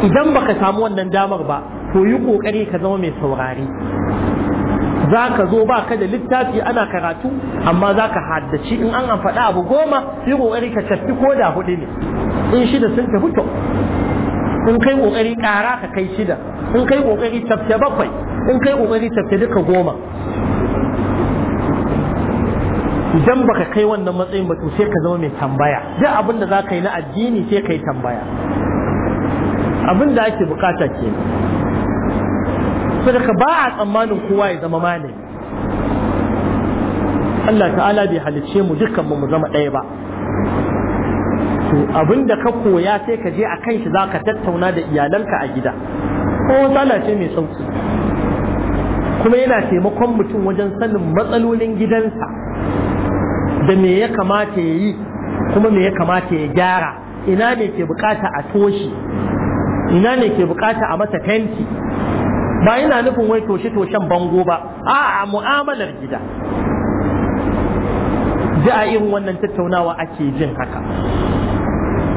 idan baka samu wannan damar ba to yi ƙoƙari ka zama mai saurari za ka zo ba ka da littafi ana karatu amma za ka haddaci in an an faɗa abu goma yi ƙoƙari ka tafi ko da hudu ne in shida sun tafi to in kai ƙoƙari ƙara ka kai shida in kai ƙoƙari tafke bakwai in kai ƙoƙari tafke duka goma idan baka kai wannan matsayin ba to sai ka zama mai tambaya duk abin da za ka yi na addini sai ka yi tambaya abin da ake bukata ke sadaka ba a tsammanin kowa ya zama malami Allah ta'ala bai halicce mu dukkan mu zama ɗaya ba to abin da ka koya sai ka je a kan shi za ka tattauna da iyalanka a gida ko matsala ce mai sauki kuma yana taimakon mutum wajen sanin matsalolin gidansa da me ya kamata ya yi kuma me ya kamata ya gyara ina ne ke bukata a toshi ina ne ke bukata a masa fenti ba ina nufin wai toshe toshen bango ba a a mu'amalar gida da a irin wannan tattaunawa ake jin haka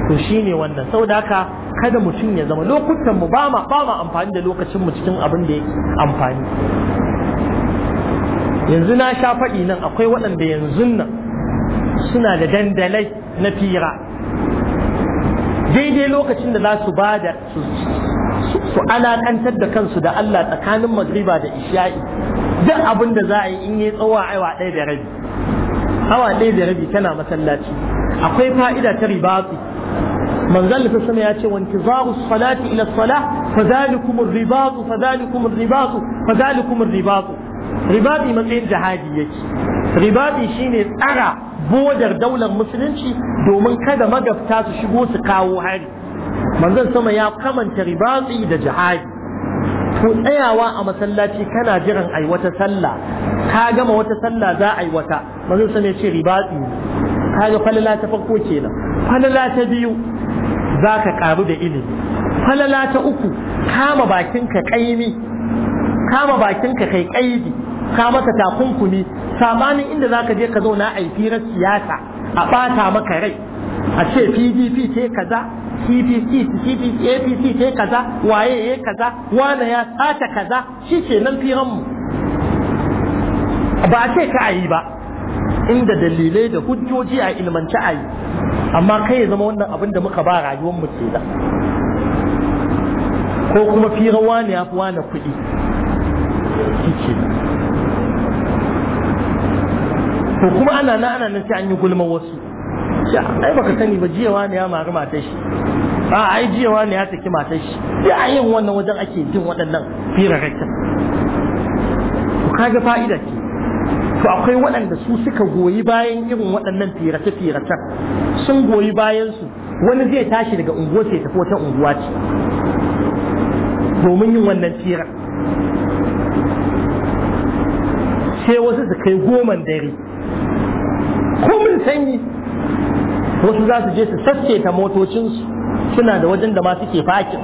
to shi ne wannan saboda haka kada mutum ya zama lokutan mu ba ma amfani da lokacin mu cikin abin da yake amfani yanzu na sha faɗi nan akwai waɗanda yanzu nan suna da dandalai na fira daidai lokacin da za su ba da su alakantar da kansu da Allah tsakanin magriba da isha'i duk abin da za a yi in yi tsawa awa ɗaya da rabi awa ɗaya da rabi tana masallaci akwai fa'ida ta ribatsi manzal ta sama ya ce wa intizaru salati ila salah fadalikum ar-ribatu fa ar-ribatu fadalikum ar-ribatu ribabi matsayin jihadi yake shi shine tsara bodar daular musulunci domin kada magabta su shigo su kawo hari manzon sama ya kamanta ribaɗi da jihadi ko tsayawa a masallaci kana jiran ai wata sallah ka gama wata sallah za a yi wata manzon sama ya ce Ka ga falala ta farko kenan falala ta biyu za ka karu da ilimi falala ta uku kama bakinka kaimi kama ka kai kaidi ka maka takunkumi sabanin inda zaka je ka zauna a firar siyasa a bata maka rai a ce PDP ce kaza CPC CPC APC ce kaza waye ya kaza wane ya sata kaza shi ce nan firan mu ba a ce ka yi ba inda dalilai da hujjoji a ilmanci a yi amma kai ya zama wannan abin da muka ba rayuwar mu ce da ko kuma firawa ne ya fi wane kuɗi to kuma ana na ana nan sai an yi gulma wasu ai baka sani ba jiyawa ne ya mari matar shi a ai jiyawa ne ya saki matar shi sai a yin wannan wajen ake jin waɗannan firarrakin to kaga fa'ida ce to akwai waɗanda su suka goyi bayan irin waɗannan firace-firacen sun goyi bayan su wani zai tashi daga unguwa sai tafi wata unguwa ce domin yin wannan firar sai wasu su kai goman dare kumin sanyi wasu za su je su sasseta motocinsu suna da wajen da ma suke fakin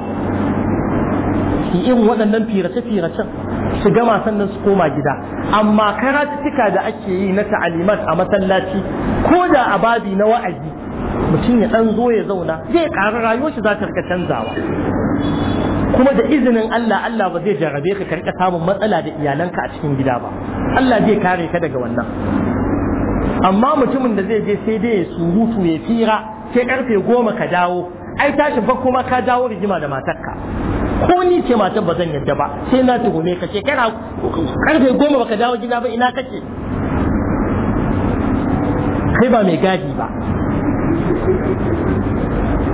su irin waɗannan firace-firacen su gama sannan su koma gida amma karatuttuka da ake yi na ta'alimat a masallaci ko da a babi na wa'azi mutum ya ɗan zo ya zauna zai ƙara rayuwar shi za ta rika canzawa kuma da izinin Allah Allah ba zai jarrabe ka karka samun matsala da iyalanka a cikin gida ba Allah zai kare ka daga wannan amma mutumin da zai je sai dai ya surutu ya fira sai karfe goma ka dawo ai tashi fa kuma ka dawo rigima da matarka ko ni ce matar ba zan yadda ba sai na tuhume ka ce kana karfe goma baka dawo gida ba ina kake kai ba mai gadi ba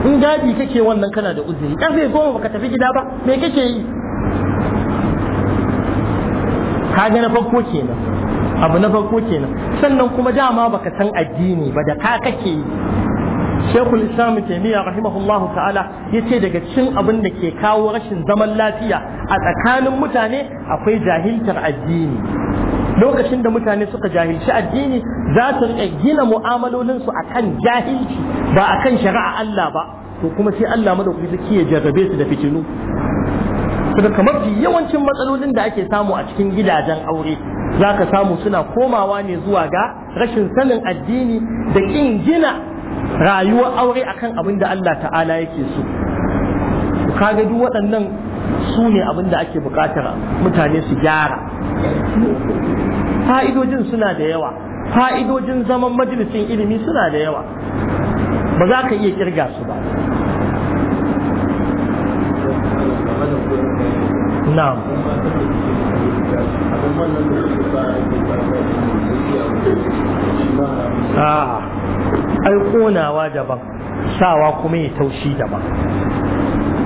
in gadi kake wannan kana da uzuri karfe goma baka tafi gida ba me kake yi kaga na farko kenan abu na farko kenan sannan kuma dama baka san addini ba da ka kake yi shekul islam taimiyya rahimahullahu ta'ala ya ce daga cikin abin da ke kawo rashin zaman lafiya a tsakanin mutane akwai jahiltar addini lokacin da mutane suka jahilci addini za su riƙe gina mu'amalolinsu a kan jahilci ba a kan shari'a Allah ba to kuma sai Allah madaukaki suke ya jarrabe su da fitinu kuma kamar yawancin matsalolin da ake samu a cikin gidajen aure za ka samu suna komawa ne zuwa ga rashin sanin addini da ƙin gina rayuwar aure akan abin da Allah ta'ala yake so kaga duk waɗannan su ne abin da ake bukatar mutane su gyara fa'idojin suna da yawa fa'idojin zaman majalisin ilimi suna da yawa ba za ka iya kirga su ba ai konawa daban sawa kuma ya taushi daban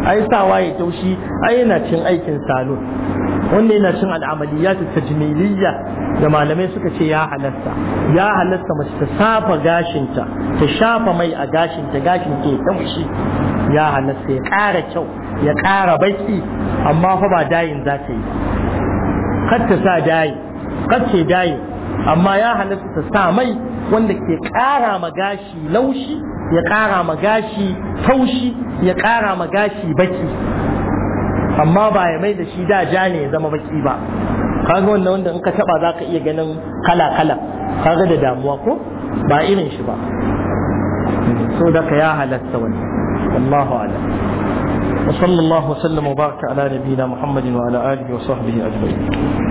ai sawa ya taushi ai yana cin aikin salon wanda yana cin al'amaliyat tajmiliyya da malamai suka ce ya halasta ya halasta mace ta safa gashinta ta shafa mai a gashinta gashin ke taushi ya halasta ya ƙara kyau ya ƙara baki amma fa ba dayin za ta yi kar ta sa dayi kar ce dayi amma ya halasta ta sa mai wanda ke ƙara ma gashi laushi ya ƙara ma gashi taushi ya ƙara ma gashi baki amma ba ya mai da shi da ja ne ya zama baki ba kaga wannan wanda in ka taba za ka iya ganin kala kala kaga da damuwa ko ba irin shi ba so da ka ya halatta wani Allahu ala wa sallallahu wa sallam wa baraka ala nabiyina Muhammadin wa ala alihi wa sahbihi ajma'in